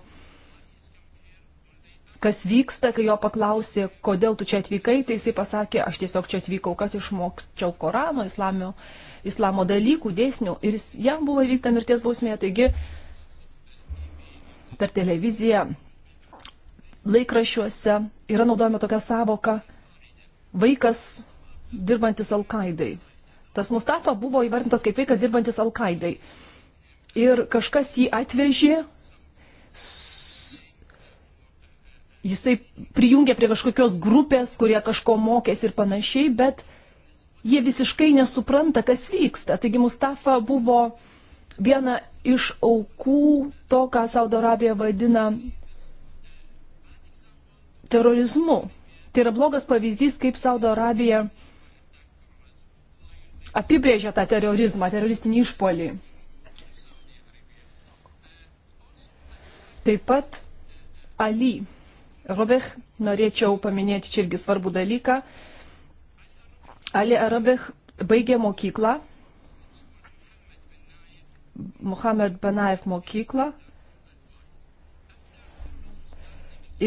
Speaker 2: kas vyksta, kai jo paklausė, kodėl tu čia atvykai, tai jisai pasakė, aš tiesiog čia atvykau, kad išmokčiau Korano, islamio, islamo dalykų, dėsnių. Ir jis, jam buvo įvykdyta mirties bausmė, taigi per televiziją, laikrašiuose yra naudojama tokia savoka vaikas dirbantis Alkaidai Tas Mustafa buvo įvardintas kaip vaikas dirbantis Al-Qaidai. Ir kažkas jį atvežė, jisai prijungė prie kažkokios grupės, kurie kažko mokėsi ir panašiai, bet jie visiškai nesupranta, kas vyksta. Taigi Mustafa buvo viena iš aukų to, ką Saudo Arabija vadina terorizmu. Tai yra blogas pavyzdys, kaip Saudo Arabija apibrėžia tą terorizmą, teroristinį išpolį. Taip pat Ali. Robech, norėčiau paminėti čia irgi svarbų dalyką. Ali Arabech baigė mokyklą, Mohamed Benaif mokyklą.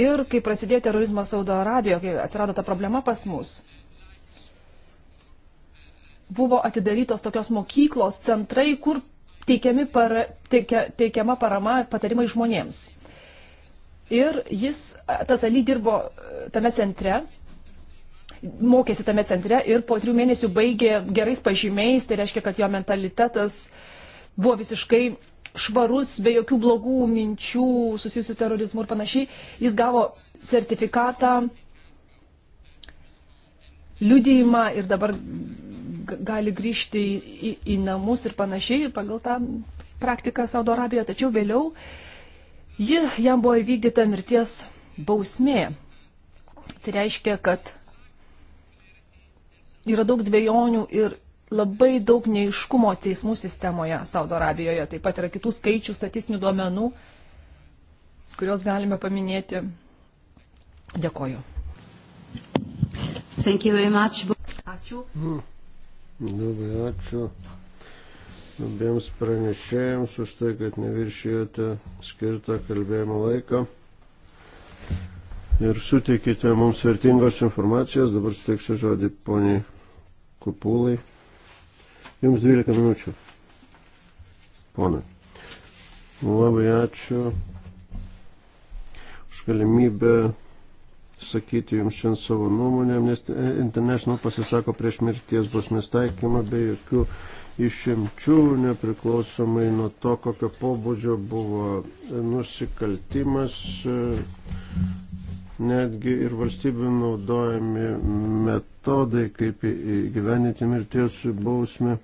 Speaker 2: Ir kai prasidėjo terorizmas Saudo Arabijoje, kai atsirado ta problema pas mus, buvo atidarytos tokios mokyklos, centrai, kur teikiami para, teikia, teikiama parama patarimai žmonėms. Ir jis, tas Ali dirbo e, tame centre, mokėsi tame centre ir po trijų mėnesių baigė gerais pažymiais, tai reiškia, kad jo mentalitetas buvo visiškai švarus, be jokių blogų minčių susijusių terorizmu ir panašiai. Jis gavo sertifikatą, liudijimą ir dabar gali grįžti į, į, į namus ir panašiai pagal tą praktiką Saudo Arabijoje, tačiau vėliau ji, jam buvo įvykdyta mirties bausmė. Tai reiškia, kad yra daug dviejonių ir labai daug neiškumo teismų sistemoje Saudo Arabijoje. Taip pat yra kitų skaičių, statistinių duomenų, kuriuos galime paminėti. Dėkoju.
Speaker 5: Ačiū. Mm.
Speaker 4: Labai ačiū abiems pranešėjams už tai, kad neviršijote skirtą kalbėjimo laiką ir suteikite mums vertingos informacijos. Dabar suteiksiu žodį poniai Kupulai. Jums 12 minučių. Ponai. Labai ačiū už galimybę sakyti jums šiandien savo nuomonę. Amnesty e, International pasisako prieš mirties bausmės taikymą be jokių išimčių, nepriklausomai nuo to, kokio pobūdžio buvo nusikaltimas, e, netgi ir valstybių naudojami metodai, kaip įgyveninti mirties bausmę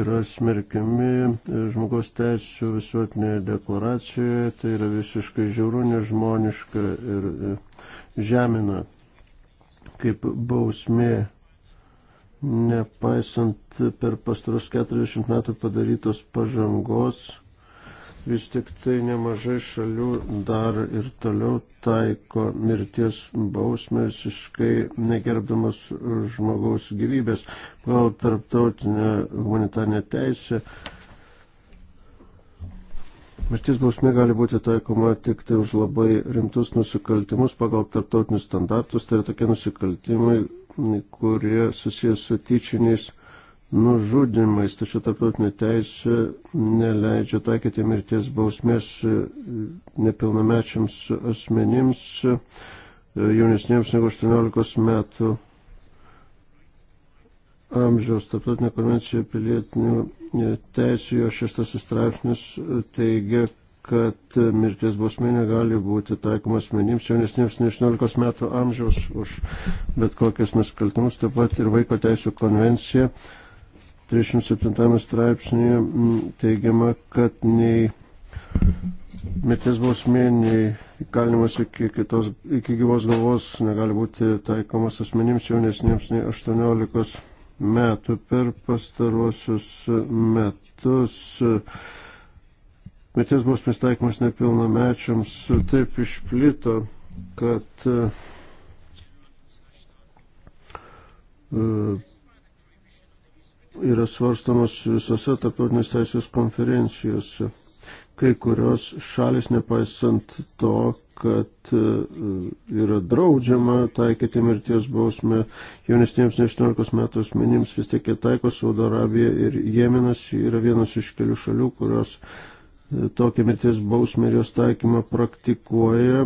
Speaker 4: yra smerkiami e, žmogaus teisų visuotinėje deklaracijoje, tai yra visiškai žiauru, nežmoniška ir, ir žemina kaip bausmė, nepaisant per pastarus 40 metų padarytos pažangos, vis tik tai nemažai šalių dar ir toliau taiko mirties bausmę visiškai negerbdamas žmogaus gyvybės. Gal tarptautinė humanitarinė teisė Mirties bausmė gali būti taikoma tik tai už labai rimtus nusikaltimus pagal tarptautinius standartus, tai yra tokie nusikaltimai, kurie susijęs su tyčiniais nužudimais, tačiau tarptautinė teisė neleidžia taikyti mirties bausmės nepilnamečiams asmenims jaunesniems negu 18 metų amžiaus tarptautinė konvencija pilietinių e, teisų, jo šeštasis straipsnis e, teigia, kad e, mirties bausmė negali būti taikoma asmenims jaunesniems nei 18 metų amžiaus už bet kokias nusikaltimus, taip pat ir vaiko teisų konvencija 37 straipsnėje teigiama, kad nei mirties bausmė, nei įkalinimas iki, kitos, iki gyvos galvos negali būti taikomas asmenims jaunesniems nei 18 metų. Per pastaruosius metus mirties bausmės taikymas nepilnamečiams taip išplito, kad e, yra svarstamos visose tarptautinės teisės konferencijose. Kai kurios šalis, nepaisant to, kad e, yra draudžiama taikyti mirties bausmę jaunesniems nei 18 metų asmenims, vis tiek jie taiko Saudo Arabija ir Jemenas yra vienas iš kelių šalių, kurios e, tokią mirties bausmę ir jos taikymą praktikuoja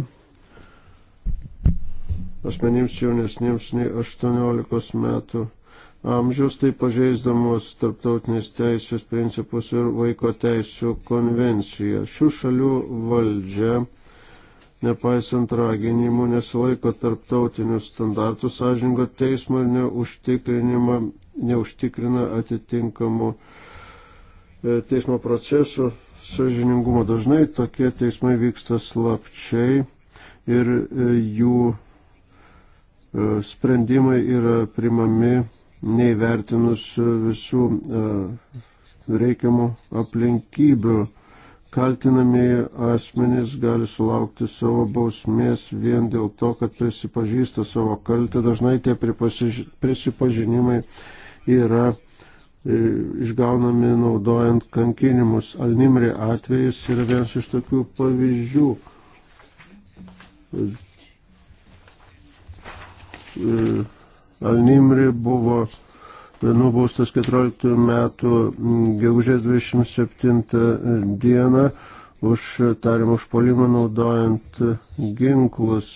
Speaker 4: asmenims jaunesniems nei 18 metų amžiaus, tai pažeisdamos tarptautinės teisės principus ir vaiko teisų konvenciją. Šių šalių valdžia nepaisant raginimų nesilaiko tarptautinių standartų sąžingo teismo ir neužtikrina atitinkamų e, teismo procesų sažiningumo. Dažnai tokie teismai vyksta slapčiai ir e, jų e, sprendimai yra primami neįvertinus visų reikiamų aplinkybių kaltinamieji asmenys gali sulaukti savo bausmės vien dėl to, kad prisipažįsta savo kaltę. Dažnai tie prisipažinimai yra e, išgaunami naudojant kankinimus. Alnimri atvejis yra vienas iš tokių pavyzdžių. E, Alnimri buvo nubaustas 14 metų gegužės 27 dieną už tariamą užpolimą naudojant ginklus.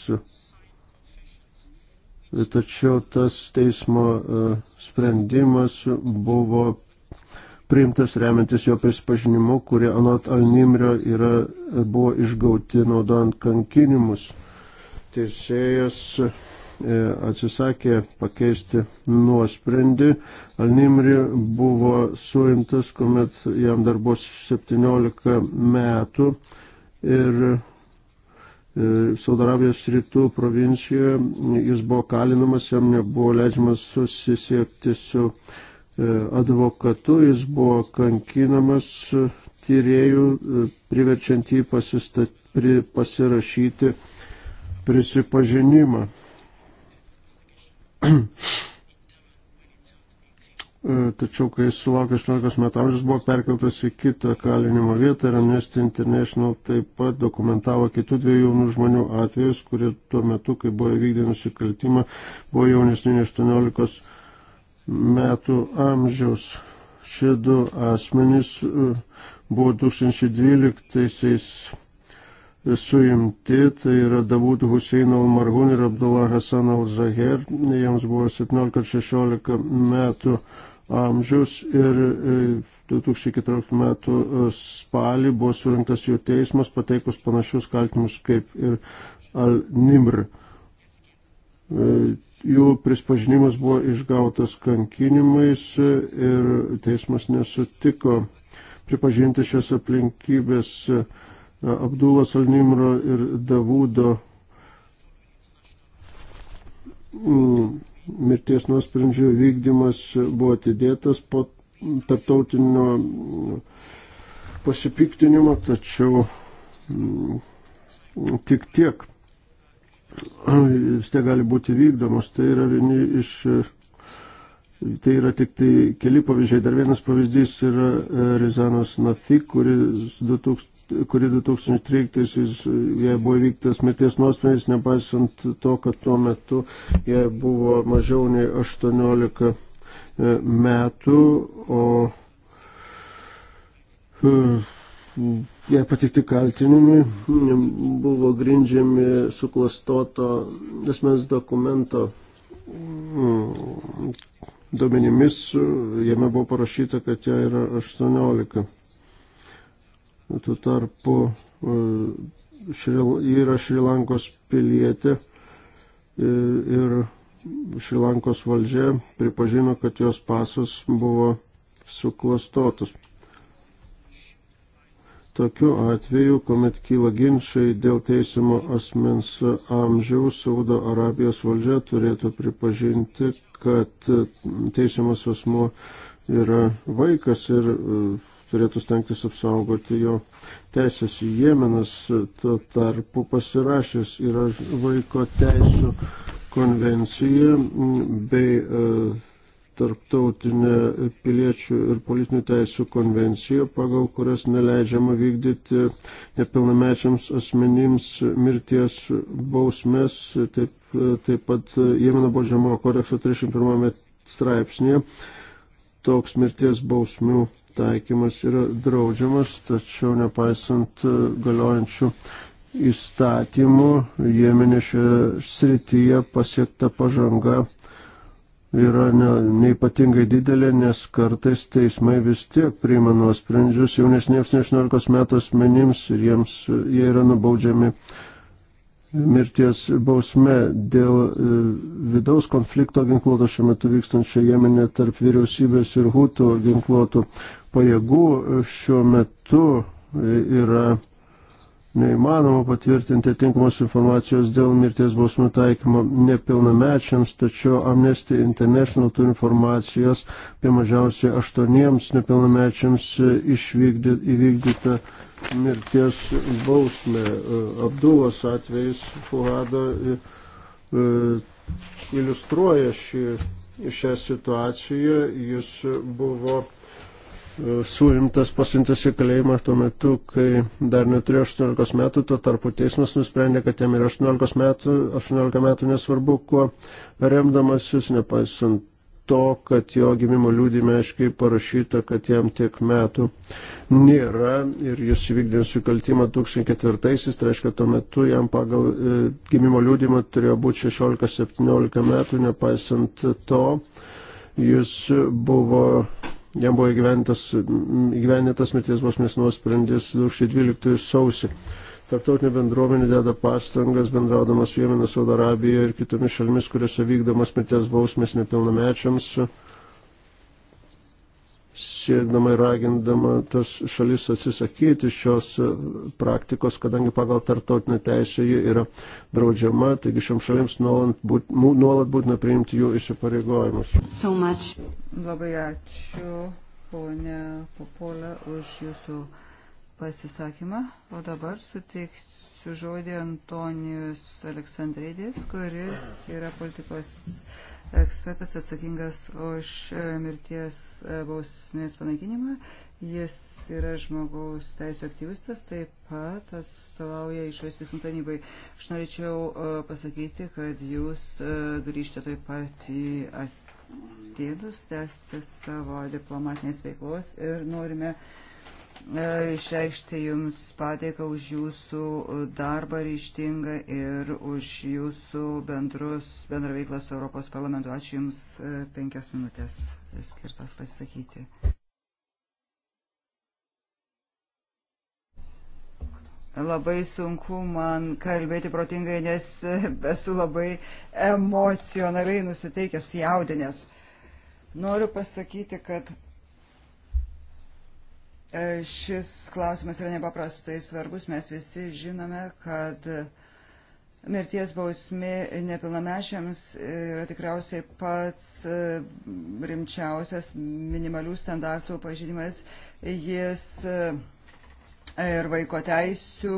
Speaker 4: Tačiau tas teismo e, sprendimas buvo priimtas remiantis jo prispažinimu, kurie anot Alnimrio yra, e, buvo išgauti naudojant kankinimus. Teisėjas E, atsisakė pakeisti nuosprendį. Alnimri buvo suimtas, kuomet jam dar buvo 17 metų ir e, Saudarabijos rytų provincijoje jis buvo kalinamas, jam nebuvo leidžiamas susisiekti su e, advokatu, jis buvo kankinamas tyriejų, priverčiant jį pasistat, pri, pasirašyti prisipažinimą. E, tačiau, kai jis sulaukė 18 metų amžiaus, buvo perkeltas į kitą kalinimo vietą ir Amnesty International taip pat dokumentavo kitų dviejų jaunų žmonių atvejus, kurie tuo metu, kai buvo įvykdė nusikaltimą, buvo jaunesni nei 18 metų amžiaus. Šie du asmenys e, buvo 2012 suimti, tai yra Davud Husein Al-Margun ir Abdullah Hasan Al-Zahir, jiems buvo 17-16 metų amžius ir 2014 e, metų e, spalį buvo surinktas jų teismas pateikus panašius kaltinimus kaip ir Al-Nimr. E, jų prispažinimas buvo išgautas kankinimais ir teismas nesutiko pripažinti šias aplinkybės Abdulas Alnimro ir Davudo mm, mirties nuosprendžio vykdymas buvo atidėtas po tarptautinio mm, pasipiktinimo, tačiau mm, tik tiek vis tiek gali būti vykdomos. Tai yra vieni iš Tai yra tik tai keli pavyzdžiai. Dar vienas pavyzdys yra e, Rizanos Nafik, kuris 2000, kuri 2013-aisiais e, jai buvo vyktas mirties nuosprendis, nepaisant to, kad tuo metu jai buvo mažiau nei 18 e, metų, o e, jai patikti kaltinimai buvo grindžiami suklastoto asmens dokumento duomenimis jame buvo parašyta, kad jai yra 18. Tuo tarpu e, yra Šrilankos pilietė e, ir Šrilankos valdžia pripažino, kad jos pasas buvo suklastotas. Tokiu atveju, kuomet kyla ginčiai dėl teisimo asmens amžiaus, Saudo Arabijos valdžia turėtų pripažinti, kad teisiamas asmo yra vaikas ir e, turėtų stengtis apsaugoti jo teisės. Jemenas tuo tarpu pasirašęs yra vaiko teisų konvencija bei e, tarptautinė piliečių ir politinių teisų konvencija, pagal kurias neleidžiama vykdyti nepilnamečiams asmenims mirties bausmės, taip, taip pat Jemeno baudžiamo kodekso 301 straipsnėje toks mirties bausmių taikymas yra draudžiamas, tačiau nepaisant e, galiojančių įstatymų, Jemenė šioje srityje pasiekta pažanga yra ne, neipatingai didelė, nes kartais teismai vis tiek priima nuosprendžius jaunesniems 16 metų asmenims ir jiems jie yra nubaudžiami mirties bausme dėl e, vidaus konflikto ginkluoto šiuo metu vykstančio Jemenė tarp vyriausybės ir hutų ginkluotų pajėgų šiuo metu yra neįmanoma patvirtinti tinkamos informacijos dėl mirties bausmių taikymo nepilnamečiams, tačiau Amnesty International turi informacijos apie mažiausiai aštuoniems nepilnamečiams įvykdytą mirties bausmę. Abdulos atvejais Fuhado e, e, iliustruoja šį, šią situaciją. Jis buvo suimtas pasintas į kalėjimą tuo metu, kai dar neturėjo 18 metų, tuo tarpu teismas nusprendė, kad jam yra 18 metų, 18 metų nesvarbu, kuo remdamasis, nepaisant to, kad jo gimimo liūdime aiškiai parašyta, kad jam tiek metų nėra ir jis įvykdė nusikaltimą 2004-aisiais, tai reiškia, tuo metu jam pagal e, gimimo liūdimą turėjo būti 16-17 metų, nepaisant to, jis buvo jam buvo įgyvendintas mirties bausmės nuosprendis 2012 sausį. Tarptautinė bendruomenė deda pastangas bendraudamas su Jemenu, Saudo Arabijoje ir kitomis šalimis, kuriuose vykdomas mirties bausmės nepilnamečiams siekdama ir ragindama tas šalis atsisakyti šios e, praktikos, kadangi pagal tartotinę teisę ji yra draudžiama, taigi šiom šalims nuolat, būt, nuolat būtina priimti jų įsipareigojimus.
Speaker 1: So much. Labai ačiū, ponė Popolė, už jūsų pasisakymą. O dabar suteiksiu žodį Antonijus Aleksandrėdės, kuris yra politikos ekspertas atsakingas už e, mirties e, bausmės panaikinimą. Jis yra žmogaus teisų aktyvistas, taip pat atstovauja išorės veiksmų tarnybai. Aš norėčiau e, pasakyti, kad jūs grįžtate taip pat į atėdus, tęsti savo diplomatinės veiklos ir norime uh, E, išreikšti Jums padėką už Jūsų darbą ryštingą ir už Jūsų bendrus, bendrą veiklą su Europos parlamentu. Ačiū Jums e, penkias minutės skirtos pasisakyti. Labai sunku man kalbėti protingai, nes e, esu labai emocionaliai nusiteikęs, jaudinęs. Noriu pasakyti, kad E, šis klausimas yra nepaprastai svarbus. Mes visi žinome, kad mirties bausmė nepilnamečiams yra tikriausiai pats e, rimčiausias minimalių standartų pažydimas. Jis e, ir vaiko teisių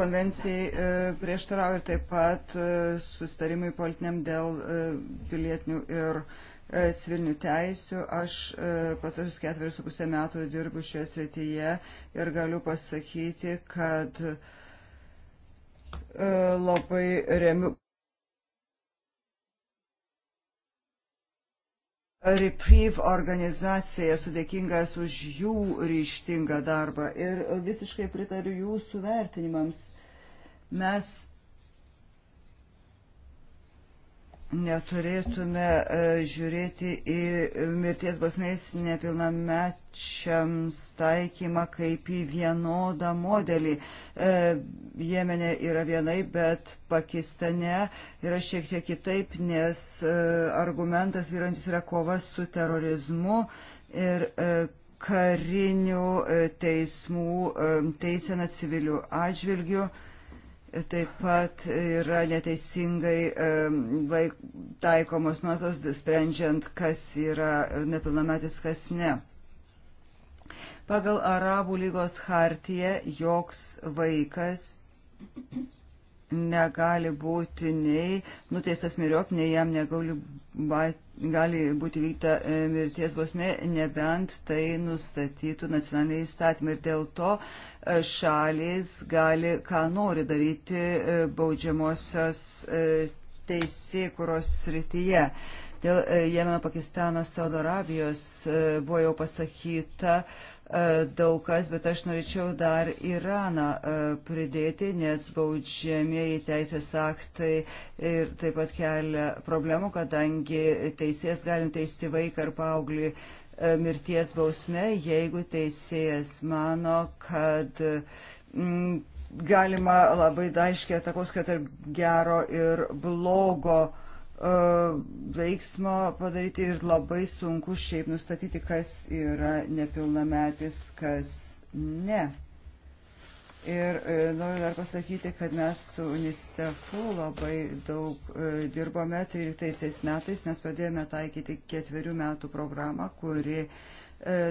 Speaker 1: konvencijai prieštarauja ir taip pat sustarimui politiniam dėl pilietinių ir E, civilinių teisių. Aš e, pasarius ketverius su pusę metų dirbu šioje srityje ir galiu pasakyti, kad e, labai remiu. Reprieve organizacija sudėkingas už jų ryštingą darbą ir visiškai pritariu jūsų vertinimams. Mes neturėtume e, žiūrėti į mirties bausmės nepilnamečiams taikymą kaip į vienodą modelį. E, Jemene yra vienai, bet Pakistane yra šiek tiek kitaip, nes e, argumentas vyrantis yra kova su terorizmu ir karinių teismų teisena civilių atžvilgių. Taip pat yra neteisingai vaik, taikomos nuotos, sprendžiant, kas yra nepilnametis, kas ne. Pagal Arabų lygos hartiją joks vaikas negali būti nei nuteistas miriop, nei jam negali gali būti vykta e, mirties bausmė, nebent tai nustatytų nacionaliniai įstatymai. Ir dėl to e, šalis gali, ką nori daryti e, baudžiamosios teisėkuros srityje. Dėl Jemeno, Pakistano, Saudo Arabijos buvo jau pasakyta, E, daug kas, bet aš norėčiau dar Iraną e, pridėti, nes baudžiamieji teisės aktai ir taip pat kelia problemų, kadangi teisės galim teisti vaiką ar paauglį e, mirties bausme, jeigu teisėjas mano, kad mm, galima labai aiškiai atakos, kad tarp gero ir blogo uh, veiksmo padaryti ir labai sunku šiaip nustatyti, kas yra nepilnametis, kas ne. Ir e, noriu dar pasakyti, kad mes su UNICEF'u labai daug e, dirbome 13 metais, mes pradėjome taikyti ketverių metų programą, kuri e,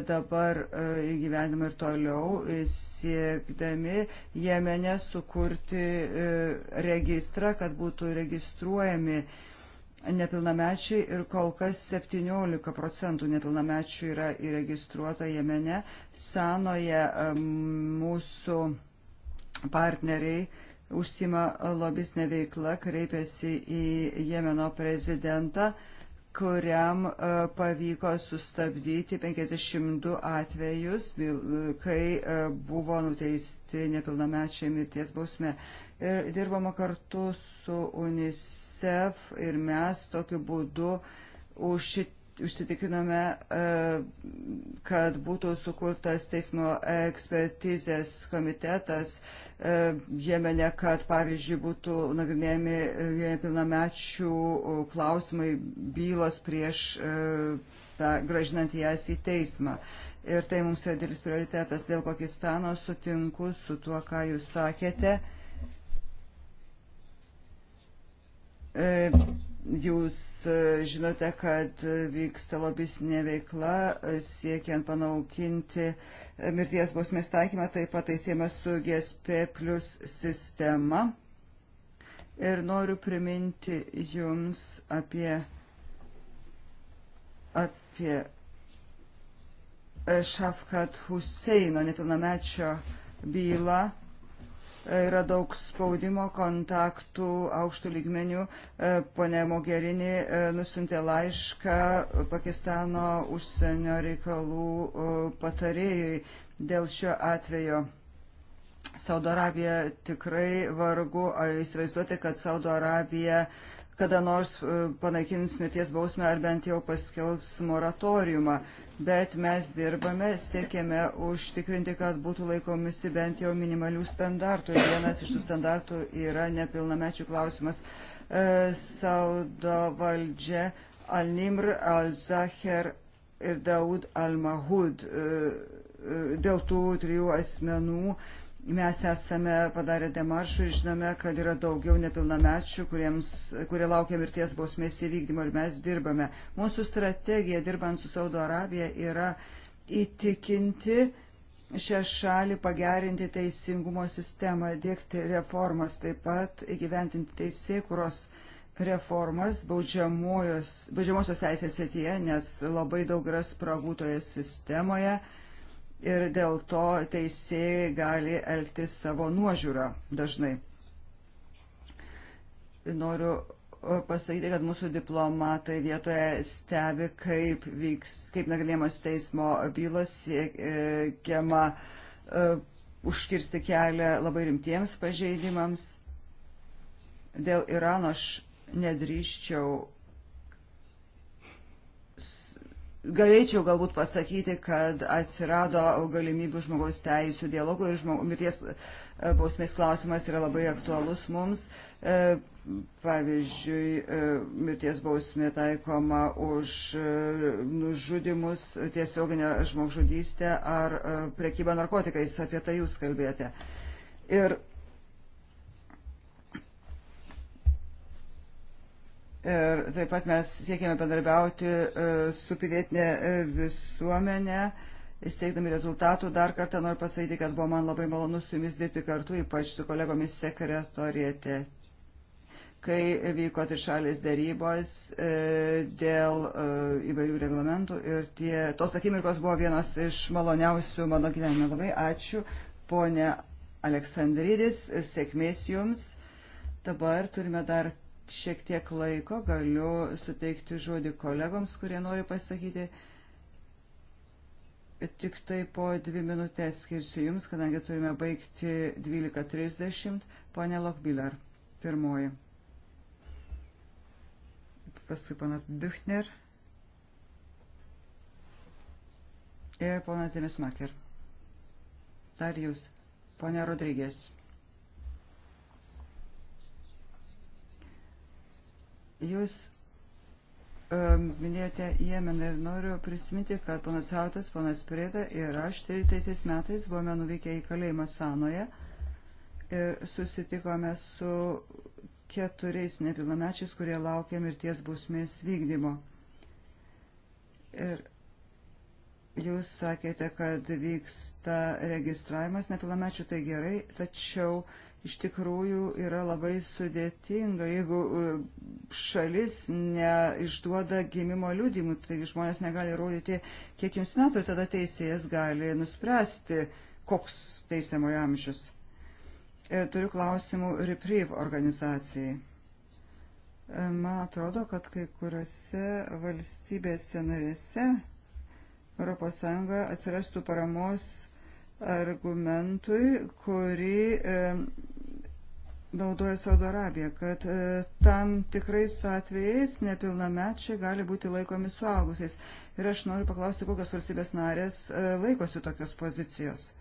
Speaker 1: dabar įgyvendama e, ir toliau e, siekdami Jemene sukurti e, registrą, kad būtų registruojami nepilnamečiai ir kol kas 17 procentų nepilnamečių yra įregistruota Jemene. Senoje mūsų partneriai užsima lobisne veikla, kreipiasi į Jemeno prezidentą kuriam e, pavyko sustabdyti 52 atvejus, kai e, buvo nuteisti nepilnamečiai mirties bausme. Ir dirbama kartu su UNICEF UNICEF ir mes tokiu būdu užsit, užsitikrinome, e, kad būtų sukurtas teismo ekspertizės komitetas e, Jemene, kad pavyzdžiui būtų nagrinėjami e, pilnamečių klausimai bylos prieš gražinant jas į teismą. Ir tai mums yra didelis prioritetas. Dėl Pakistano sutinku su tuo, ką jūs sakėte. Mm E, jūs e, žinote, kad vyksta lobistinė veikla e, siekiant panaukinti mirties bausmės taikymą, taip pat tai siema su GSP plus sistema. Ir noriu priminti Jums apie, apie Šafkat Huseino nepilnamečio bylą yra daug spaudimo kontaktų aukštų lygmenių. E, Pone Mogerini e, nusintė laišką Pakistano užsienio reikalų e, patarėjui dėl šio atvejo. Saudo Arabija tikrai vargu įsivaizduoti, kad Saudo Arabija kada nors panaikins mirties bausmę ar bent jau paskelbs moratoriumą bet mes dirbame, siekiame užtikrinti, kad būtų laikomisi bent jau minimalių standartų. Ir vienas iš tų standartų yra nepilnamečių klausimas. E, Saudo valdžia Al-Nimr, Al-Zahir ir Daud Al-Mahud. E, e, dėl tų trijų asmenų uh, Mes esame padarę demaršų ir žinome, kad yra daugiau nepilnamečių, kuriems, kurie laukia mirties bausmės įvykdymo ir mes dirbame. Mūsų strategija dirbant su Saudo Arabija yra įtikinti šią šalį pagerinti teisingumo sistemą, dėkti reformas, taip pat įgyventinti teisėkuros reformas baudžiamosios teisės srityje, nes labai daug yra spragų toje sistemoje ir dėl to teisėjai gali elgtis savo nuožiūrą dažnai. Noriu e, pasakyti, kad mūsų diplomatai vietoje stebi, kaip, vyks, kaip nagrinėjamos teismo bylos siekiama uh, užkirsti kelią labai rimtiems pažeidimams. Dėl Irano aš nedrįščiau galėčiau galbūt pasakyti, kad atsirado galimybių žmogaus teisų dialogų ir žmogu, mirties e, bausmės klausimas yra labai aktualus mums. E, pavyzdžiui, e, mirties bausmė taikoma už nužudimus, tiesioginę žmogžudystę ar prekybą narkotikais, apie tai jūs kalbėjote. Ir Ir taip pat mes siekėme bendarbiauti e, su pilietinė e, visuomenė, siekdami rezultatų. Dar kartą noriu pasakyti, kad buvo man labai malonu su jumis dirbti kartu, ypač su kolegomis sekretoriete kai vyko trišalės dėrybos e, dėl įvairių reglamentų ir tie, tos akimirkos buvo vienos iš maloniausių mano gyvenime. Labai ačiū, ponė Aleksandrydis, sėkmės jums. Dabar turime dar šiek tiek laiko, galiu suteikti žodį kolegoms, kurie nori pasakyti. Tik tai po dvi minutės skirsiu Jums, kadangi turime baigti 12.30. Pane Lokbilar, pirmoji. Paskui panas Büchner. Ir ponas Demismaker. Dar Jūs, ponia Rodrygės. Jūs um, minėjote Jemeną ir noriu prisiminti, kad ponas Hautas, ponas Prėda ir aš 13 metais buvome nuvykę į kalėjimą Sanoje ir susitikome su keturiais nepilnamečiais, kurie laukė mirties bausmės vykdymo. Ir jūs sakėte, kad vyksta registravimas nepilnamečių, tai gerai, tačiau uh, iš tikrųjų yra labai sudėtinga, jeigu e, šalis neišduoda gimimo liūdimų, tai žmonės negali rodyti, kiek jums metų ir tada teisėjas gali nuspręsti, koks teisiamojo amžius. E, turiu klausimų Reprieve organizacijai. E, man atrodo, kad kai kuriuose valstybėse narėse ES atsirastų paramos argumentui, kurį e, naudoja Saudo Arabija, kad e, tam tikrais atvejais nepilnamečiai gali būti laikomi suaugusiais. Ir aš noriu paklausti, kokios valstybės narės e, laikosi tokios pozicijos.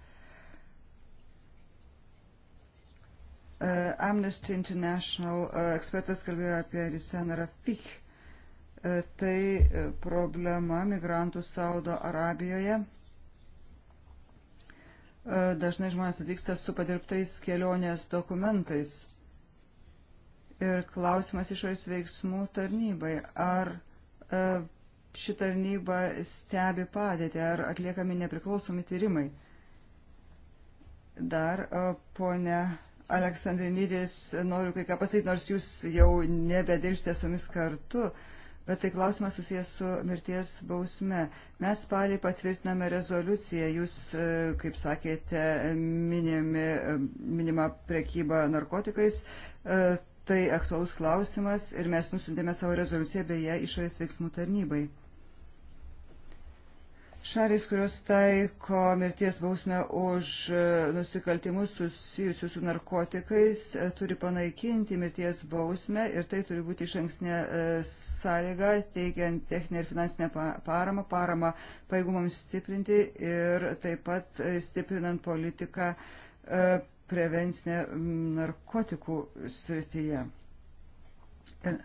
Speaker 1: Amnesty International ekspertas kalbėjo apie Riseną Rafik. Tai problema migrantų Saudo Arabijoje E, dažnai žmonės atvyksta su padirbtais kelionės dokumentais. Ir klausimas išorės veiksmų tarnybai, ar e, ši tarnyba stebi padėtį, ar atliekami nepriklausomi tyrimai. Dar, e, ponia Aleksandrinidis, noriu kai ką pasakyti, nors jūs jau nebedirbsite su mumis kartu. Uh, bet tai klausimas susijęs su mirties bausme. Mes spalį patvirtiname rezoliuciją, jūs, e, kaip sakėte, minimi, e, minima prekyba narkotikais, e, tai aktualus klausimas ir mes nusintėme savo rezoliuciją beje išorės veiksmų tarnybai. Šalis, kurios taiko mirties bausmę už e, nusikaltimus susijusius su narkotikais, e, turi panaikinti mirties bausmę ir tai turi būti iš anksnė e, sąlyga, teikiant techninę ir finansinę paramą, paramą paėgumams stiprinti ir taip pat stiprinant politiką prevencinę narkotikų srityje. Ir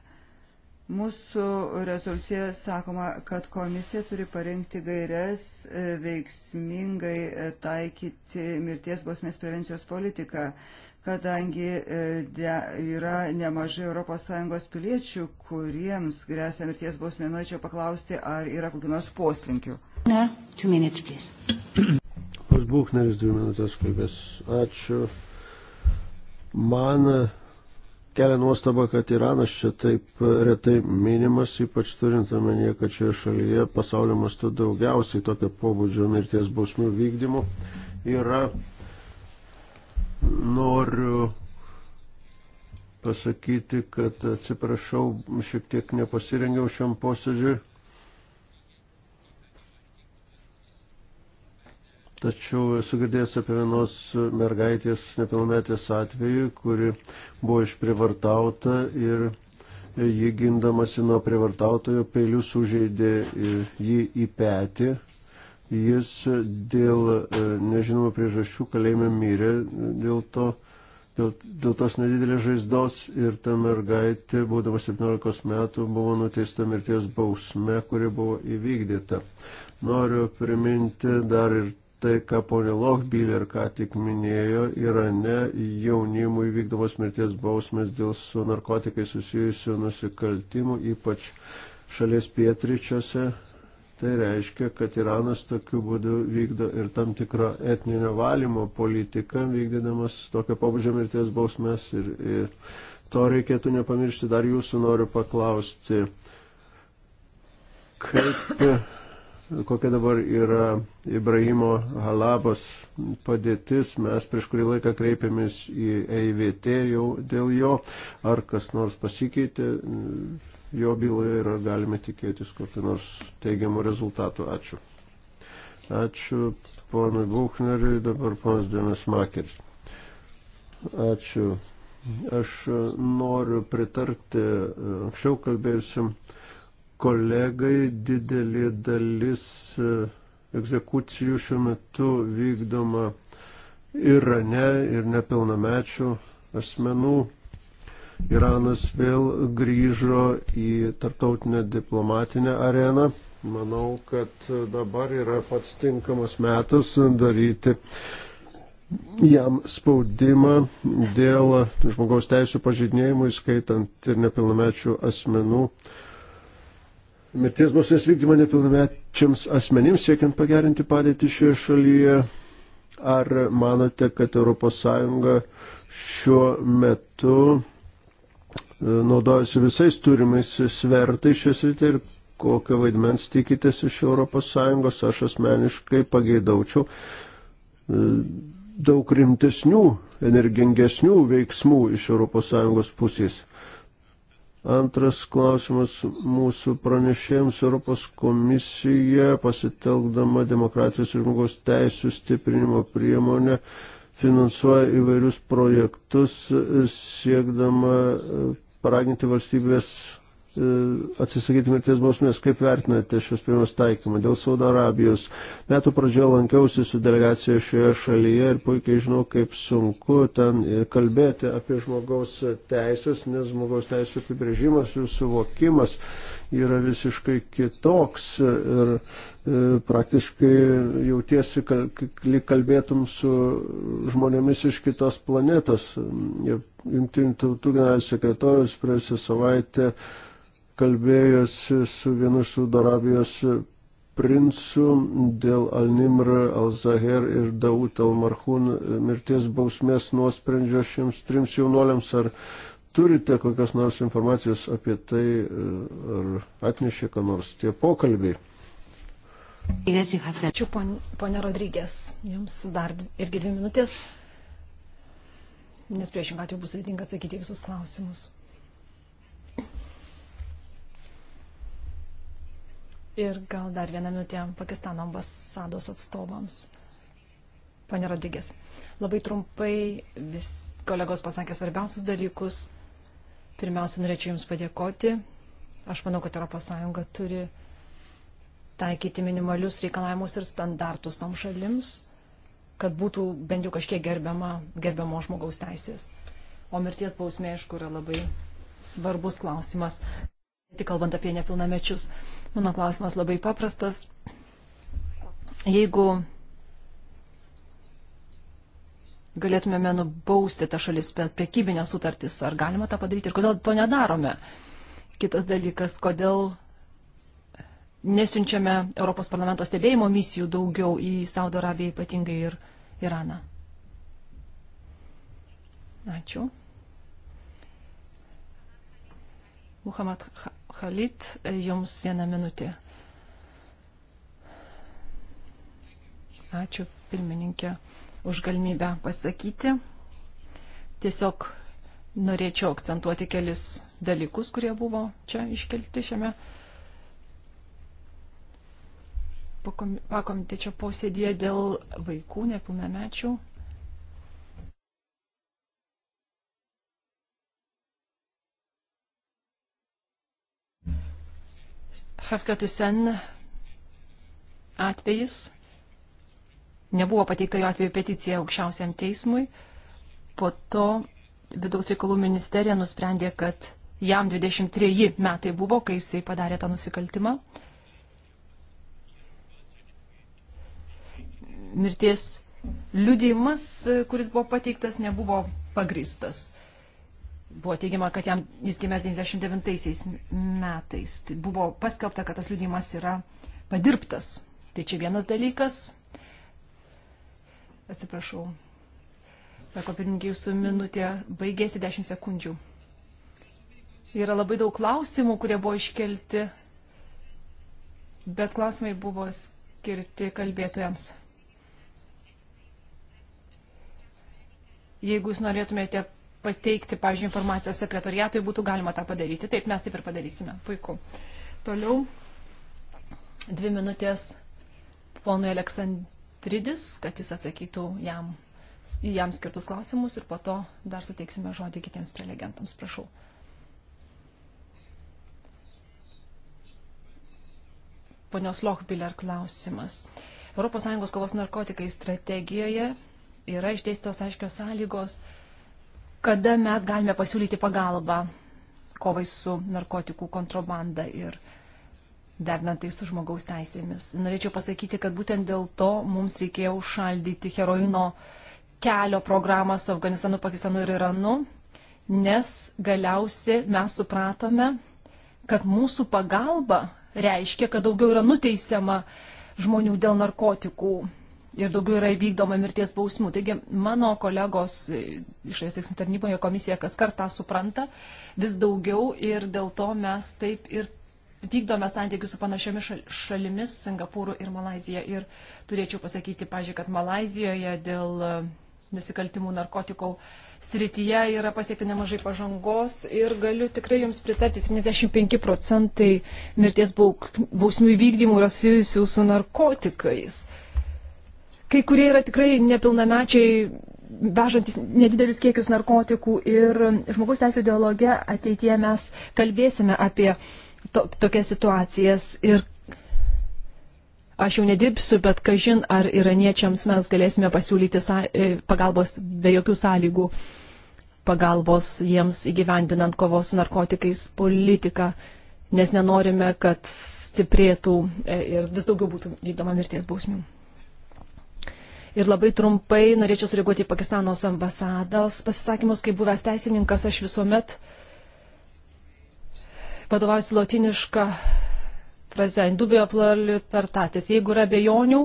Speaker 1: Mūsų rezoliucija sakoma, kad komisija turi parengti gairias e, veiksmingai e, taikyti mirties bausmės prevencijos politiką, kadangi e, de, yra nemažai ES piliečių, kuriems grėsia mirties bausmė. Norėčiau paklausti, ar yra kokių nors poslinkių. Ne, two minutes, please.
Speaker 4: Pas Būkneris dvi minutės kalbės. Ačiū. Man kelia nuostaba, kad Iranas čia taip retai minimas, ypač turint omenyje, kad šioje šalyje pasaulio mastu daugiausiai tokio pobūdžio mirties bausmių vykdymų yra. Noriu pasakyti, kad atsiprašau, šiek tiek nepasirengiau šiam posėdžiui. Tačiau esu girdėjęs apie vienos mergaitės nepilnametės atvejį, kuri buvo išprivartauta ir ji gindamasi nuo privartautojo peilių sužeidė jį į petį. Jis dėl e, nežinomų priežasčių kalėjime mirė dėl, to, dėl, dėl tos nedidelės žaizdos ir ta mergaitė, būdama 17 metų, buvo nuteista mirties bausme, kuri buvo įvykdyta. Noriu priminti dar ir tai, ką ponė Lochbiller ką tik minėjo, Irane jaunimui vykdomos mirties bausmės dėl su narkotikai susijusių nusikaltimų, ypač šalies pietryčiuose. Tai reiškia, kad Iranas tokiu būdu vykdo ir tam tikrą etninio valymo politiką, vykdydamas tokio pabudžio mirties bausmės. Ir, ir to reikėtų nepamiršti. Dar jūsų noriu paklausti, kaip kokia dabar yra Ibrahimo Halabos padėtis. Mes prieš kurį laiką kreipėmės į EIVT jau dėl jo, ar kas nors pasikeitė jo byloje ir ar galime tikėtis kokį nors teigiamų rezultatų. Ačiū. Ačiū ponui Buchneriui, dabar ponas Dienas Makeris. Ačiū. Aš noriu pritarti anksčiau kalbėjusim kolegai didelė dalis e, egzekucijų šiuo metu vykdoma Irane ir nepilnamečių asmenų. Iranas vėl grįžo į tarptautinę diplomatinę areną. Manau, kad dabar yra pats tinkamas metas daryti jam spaudimą dėl žmogaus teisų pažydinėjimų, įskaitant ir nepilnamečių asmenų uh, mirties bausmės vykdymą nepilnamečiams asmenims, siekiant pagerinti padėtį šioje šalyje. Ar manote, kad ES šiuo metu e, naudojasi visais turimais svertais šią sritį ir kokio vaidmens tikitės iš ES? Aš asmeniškai pageidaučiau e, daug rimtesnių, energingesnių veiksmų iš ES pusės. Antras klausimas mūsų pranešėjams Europos komisija pasitelkdama demokratijos ir žmogaus teisų stiprinimo priemonę finansuoja įvairius projektus siekdama paraginti valstybės E, atsisakyti mirties bausmės. Kaip vertinate šios pirmas taikymą? Dėl Saudo Arabijos metų pradžioje lankiausi su delegacija šioje šalyje ir puikiai žinau, kaip sunku ten e, kalbėti apie žmogaus teisės, nes žmogaus teisų apibrėžimas, jų suvokimas yra visiškai kitoks ir e, praktiškai jautiesi, kal, lyg kalbėtum su žmonėmis iš kitos planetos. Jungtinių tautų generalinis sekretorius praėjusią savaitę e, kalbėjosi su vienu iš Saudo Arabijos princų dėl Al-Nimr, Al-Zahir ir Daud Al-Marhun mirties bausmės nuosprendžio šiems trims jaunuoliams. Ar turite kokios nors informacijos apie tai, ar atnešė ką nors tie pokalbiai?
Speaker 2: Ačiū, ponia Rodrygės. Jums dar irgi dvi minutės, nes priešingai atveju bus sudėtinga atsakyti visus klausimus. Ir gal dar vieną minutę Pakistano ambasados atstovams. Pane Rodrygės, labai trumpai vis kolegos pasakė svarbiausius dalykus. Pirmiausia, norėčiau Jums padėkoti. Aš manau, kad ES turi taikyti minimalius reikalavimus ir standartus tom šalims, kad būtų bent jau kažkiek gerbiama, gerbiamo žmogaus teisės. O mirties bausmė, aišku, yra labai svarbus klausimas, tik kalbant apie nepilnamečius. Mano klausimas labai paprastas. Jeigu galėtumėme nubausti tą šalis per prekybinę sutartis, ar galima tą padaryti ir kodėl to nedarome? Kitas dalykas, kodėl nesiunčiame Europos parlamento stebėjimo misijų daugiau į Saudo Arabiją, ypatingai ir Iraną. Ačiū. Muhammad Khalid, jums vieną minutę. Ačiū pirmininkė už galimybę pasakyti. Tiesiog norėčiau akcentuoti kelis dalykus, kurie buvo čia iškelti šiame pakomitečio posėdėje dėl vaikų nepilnamečių Hafkatusen atvejis. Nebuvo pateikta jo atveju peticija aukščiausiam teismui. Po to vidaus reikalų ministerija nusprendė, kad jam 23 metai buvo, kai jisai padarė tą nusikaltimą. Mirties liudėjimas, kuris buvo pateiktas, nebuvo pagristas. Buvo teigiama, kad jam jis gimęs 99 metais. Tai buvo paskelbta, kad tas liūdimas yra padirbtas. Tai čia vienas dalykas. Atsiprašau. Sako pirmininkė, jūsų minutė baigėsi 10 sekundžių. Yra labai daug klausimų, kurie buvo iškelti, bet klausimai buvo skirti kalbėtojams. Jeigu jūs norėtumėte pateikti, pavyzdžiui, informacijos sekretoriatui, būtų galima tą padaryti. Taip, mes taip ir padarysime. Puiku. Toliau dvi minutės ponui Aleksandridis, kad jis atsakytų jam, jam skirtus klausimus ir po to dar suteiksime žodį kitiems prelegentams. Prašau. Ponios Lochbiller klausimas. ES kovos narkotikai strategijoje yra išdėstytos aiškios sąlygos, uh, kada mes galime pasiūlyti pagalbą kovai su narkotikų kontrabanda ir dernant tai su žmogaus teisėmis. Norėčiau pasakyti, kad būtent dėl to mums reikėjo užšaldyti heroino kelio programą su Afganistanu, Pakistanu ir Iranu, nes galiausiai mes supratome, kad mūsų pagalba reiškia, kad daugiau yra nuteisiama žmonių dėl narkotikų ir daugiau yra įvykdoma mirties bausmų. Taigi mano kolegos e, iš Esteksim tarnyboje komisija kas kartą supranta vis daugiau ir dėl to mes taip ir vykdome santykius su panašiomis šalimis - Singapūru ir Malazija. Ir turėčiau pasakyti, pažiūrėk, kad Malazijoje dėl e, nusikaltimų narkotikų srityje yra pasiekti nemažai pažangos ir galiu tikrai Jums pritarti, 75 procentai mirties bausmių įvykdymų yra susijusių su narkotikais kai kurie yra tikrai nepilnamečiai vežantis nedidelius kiekius narkotikų ir žmogus teisų dialoge ateityje mes kalbėsime apie to, tokias situacijas ir aš jau nedirbsiu, bet kažin ar iraniečiams mes galėsime pasiūlyti sa, e, pagalbos be jokių sąlygų, pagalbos jiems įgyvendinant kovos su narkotikais politiką, nes nenorime, kad stiprėtų e, ir vis daugiau būtų vykdoma mirties bausmių. Ir labai trumpai norėčiau sureaguoti į Pakistanos ambasados pasisakymus, kaip buvęs teisininkas aš visuomet vadovausiu lotinišką frazę indubio pluritatis. Jeigu yra abejonių,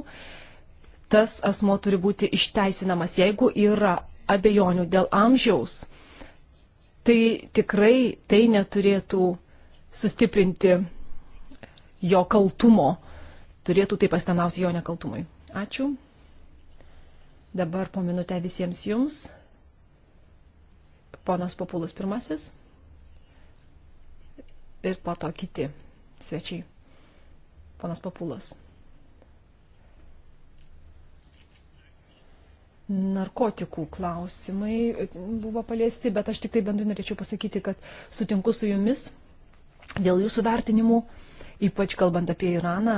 Speaker 2: tas asmo turi būti išteisinamas. Jeigu yra abejonių dėl amžiaus, tai tikrai tai neturėtų sustiprinti jo kaltumo, turėtų tai pastanauti jo nekaltumui. Ačiū. Dabar po minutę visiems jums. Ponas Papulus pirmasis ir po to kiti svečiai. Ponas Papulus. narkotikų klausimai buvo paliesti, bet aš tik tai bendrai norėčiau pasakyti, kad sutinku su jumis dėl jūsų vertinimų, ypač kalbant apie Iraną.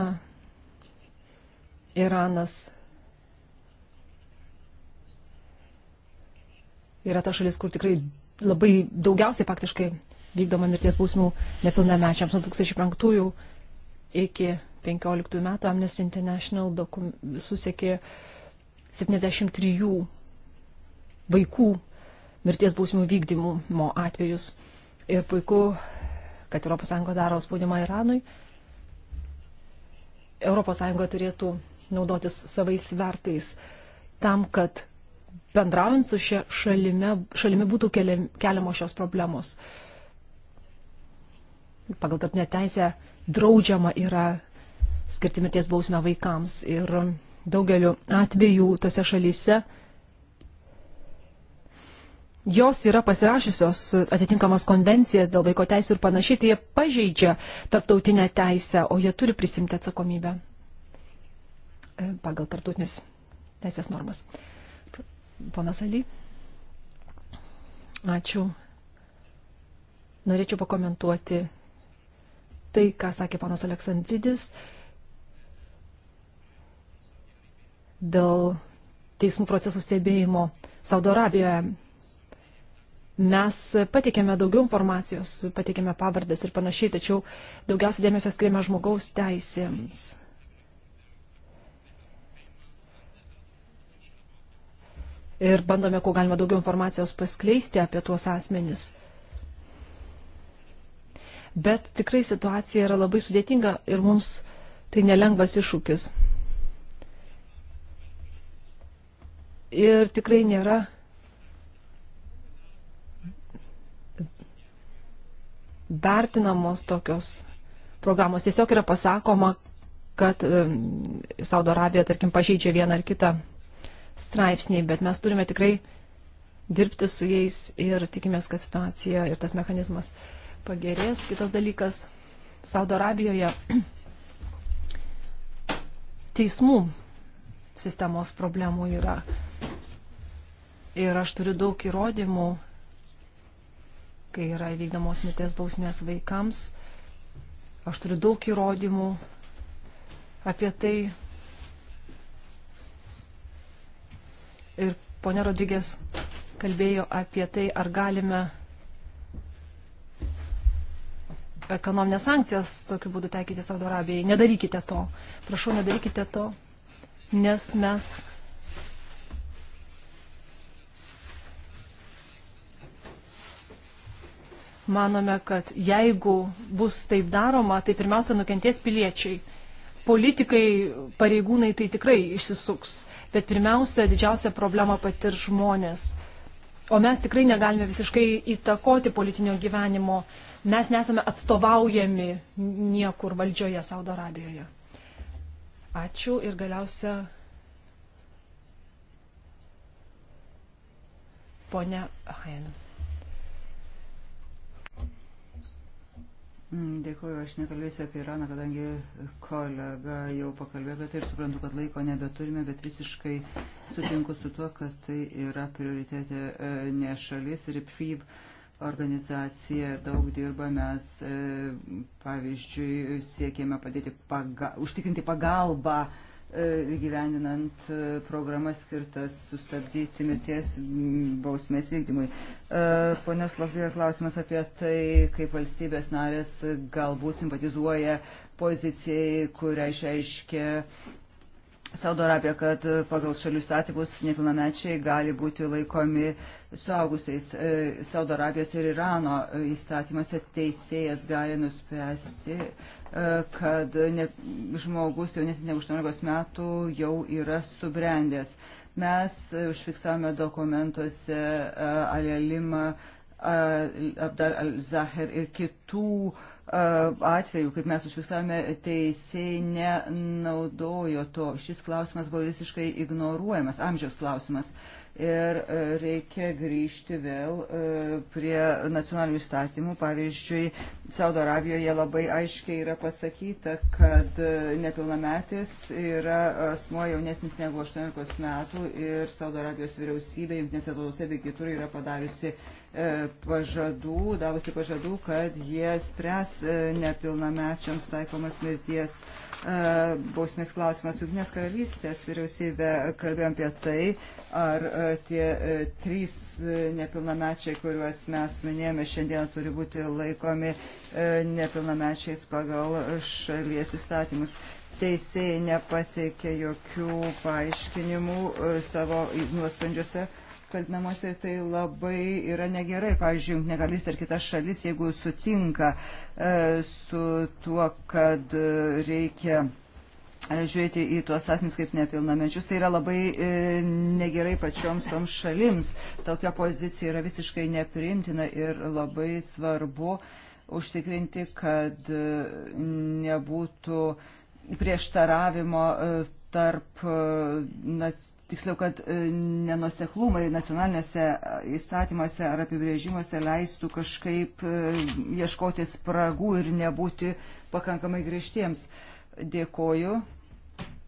Speaker 2: Iranas yra ta šalis, kur tikrai labai daugiausiai faktiškai vykdoma mirties bausmių nepilnamečiams. Nuo 2005 iki 2015 metų Amnesty International susiekė 73 vaikų mirties bausmių vykdymo atvejus. Ir puiku, kad ES daro spaudimą Iranui. ES turėtų naudotis savais svertais tam, kad bendraujant su šia šalime, šalimi būtų keliamos šios problemos. Pagal tarpinę teisę draudžiama yra skirti mirties bausmę vaikams ir daugeliu atveju tose šalyse jos yra pasirašysios atitinkamas konvencijas dėl vaiko teisų ir panašiai, tai jie pažeidžia tarptautinę teisę, o jie turi prisimti atsakomybę e, pagal tarptautinius teisės normas. Ponas Ali. Ačiū. Norėčiau pakomentuoti tai, ką sakė ponas Aleksandridis dėl teismų procesų stebėjimo Saudo Arabijoje. Mes patikėme daugiau informacijos, patikėme pavardės ir panašiai, tačiau daugiausia dėmesio skiriame žmogaus teisėms ir bandome, kuo galima daugiau informacijos paskleisti apie tuos asmenis. Bet tikrai situacija yra labai sudėtinga ir mums tai nelengvas iššūkis. Ir tikrai nėra vertinamos tokios programos. Tiesiog yra pasakoma, kad um, Saudo Arabija, tarkim, pažeidžia vieną ar kitą straipsniai, bet mes turime tikrai dirbti su jais ir tikimės, kad situacija ir tas mechanizmas pagerės. Kitas dalykas, Saudo Arabijoje teismų sistemos problemų yra. Ir aš turiu daug įrodymų, kai yra įvykdomos mirties bausmės vaikams. Aš turiu daug įrodymų apie tai, Ir ponia Rodrygės kalbėjo apie tai, ar galime ekonominės sankcijas tokiu būdu taikyti Saudo Arabijai. Nedarykite to. Prašau, nedarykite to, nes mes. Manome, kad jeigu bus taip daroma, tai pirmiausia nukentės piliečiai. Politikai, pareigūnai tai tikrai išsisuks bet pirmiausia, didžiausia problema patir žmonės. O mes tikrai negalime visiškai įtakoti politinio gyvenimo. Mes nesame atstovaujami niekur valdžioje Saudo Arabijoje. Ačiū ir galiausia
Speaker 1: ponia Hainu. Mm, dėkuoju, aš nekalbėsiu apie Iraną, kadangi kolega jau pakalbėjo apie tai ir suprantu, kad laiko nebeturime, bet visiškai sutinku su tuo, kad tai yra prioritetė e, ne šalis ir PFIB organizacija daug dirba, mes e, pavyzdžiui siekėme padėti paga užtikrinti pagalbą uh, E, įgyvendinant e, programas skirtas sustabdyti mirties bausmės vykdymui. E, Pone Slovija, klausimas apie tai, kaip valstybės narės galbūt simpatizuoja pozicijai, kurią išreiškia Saudo Arabija, kad pagal šalių statymus nepilnamečiai gali būti laikomi suaugusiais. Saudo Arabijos ir Irano įstatymuose teisėjas gali nuspręsti, kad net žmogus jaunesnis negu 18 metų jau yra subrendęs. Mes užfiksavome dokumentuose e, Alelimą, Abdal Al-Zahir ir kitų uh, E, atveju, kaip mes užfiksavome, teisėjai nenaudojo to. Šis klausimas buvo visiškai ignoruojamas, amžiaus klausimas. Ir e, reikia grįžti vėl e, prie nacionalinių įstatymų. Pavyzdžiui, Saudo Arabijoje labai aiškiai yra pasakyta, kad nepilnametis yra asmo jaunesnis negu 18 metų ir Saudo Arabijos vyriausybė, jungtinėse tautose bei kitur yra padariusi E, pažadų, davusi pažadų, kad jie spręs e, nepilnamečiams taikomas mirties e, bausmės klausimas. Jungtinės karalystės vyriausybė kalbėjom apie tai, ar tie trys nepilnamečiai, kuriuos mes minėjome šiandien, turi būti laikomi nepilnamečiais pagal šalies įstatymus teisėjai nepateikė jokių paaiškinimų savo nuosprendžiuose kaltinamuose ir tai labai yra negerai. Pavyzdžiui, jungtinė karalystė ir kitas šalis, jeigu sutinka e, su tuo, kad e, reikia e, žiūrėti į tuos asmenys kaip nepilnamečius, tai yra labai negerai pačioms toms šalims. Tokia pozicija yra visiškai nepriimtina ir labai svarbu užtikrinti, kad nebūtų prieštaravimo tarp tiksliau, kad e, nenuseklumai nacionaliniuose e, įstatymuose ar apibrėžimuose leistų kažkaip e, ieškoti spragų ir nebūti pakankamai griežtiems. Dėkoju.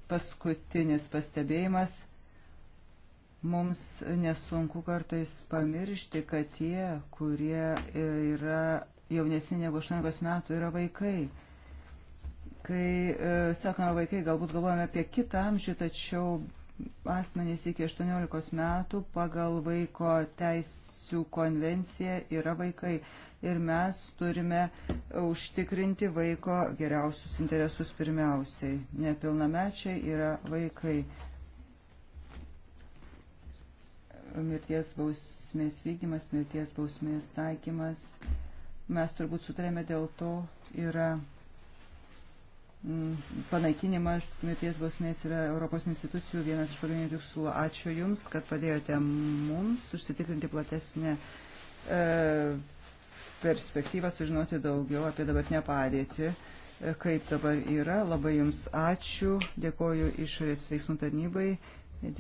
Speaker 1: Paskutinis pastebėjimas. Mums nesunku kartais pamiršti, kad tie, kurie yra jaunesni negu 18 metų, yra vaikai. Kai, sakome, vaikai galbūt galvojame apie kitą amžių, tačiau asmenys iki 18 metų pagal vaiko teisų konvenciją yra vaikai ir mes turime užtikrinti vaiko geriausius interesus pirmiausiai. Nepilnamečiai yra vaikai. Mirties bausmės vykdymas, mirties bausmės taikymas. Mes turbūt sutarėme dėl to yra Mm, panaikinimas mirties bausmės yra Europos institucijų vienas iš pagrindinių tikslų. Ačiū Jums, kad padėjote mums užsitikrinti platesnę e, perspektyvą, sužinoti daugiau apie dabartinę padėtį, e, kaip dabar yra. Labai Jums ačiū, dėkoju išorės veiksmų tarnybai,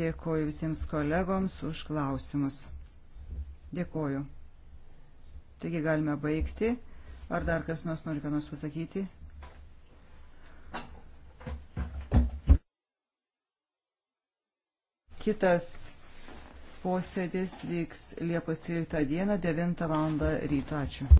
Speaker 1: dėkoju visiems kolegoms už klausimus. Dėkoju. Taigi galime baigti. Ar dar kas nors nori ką nors pasakyti? Kitas posėdis vyks Liepos 13 dieną 9 val. ryto. Ačiū.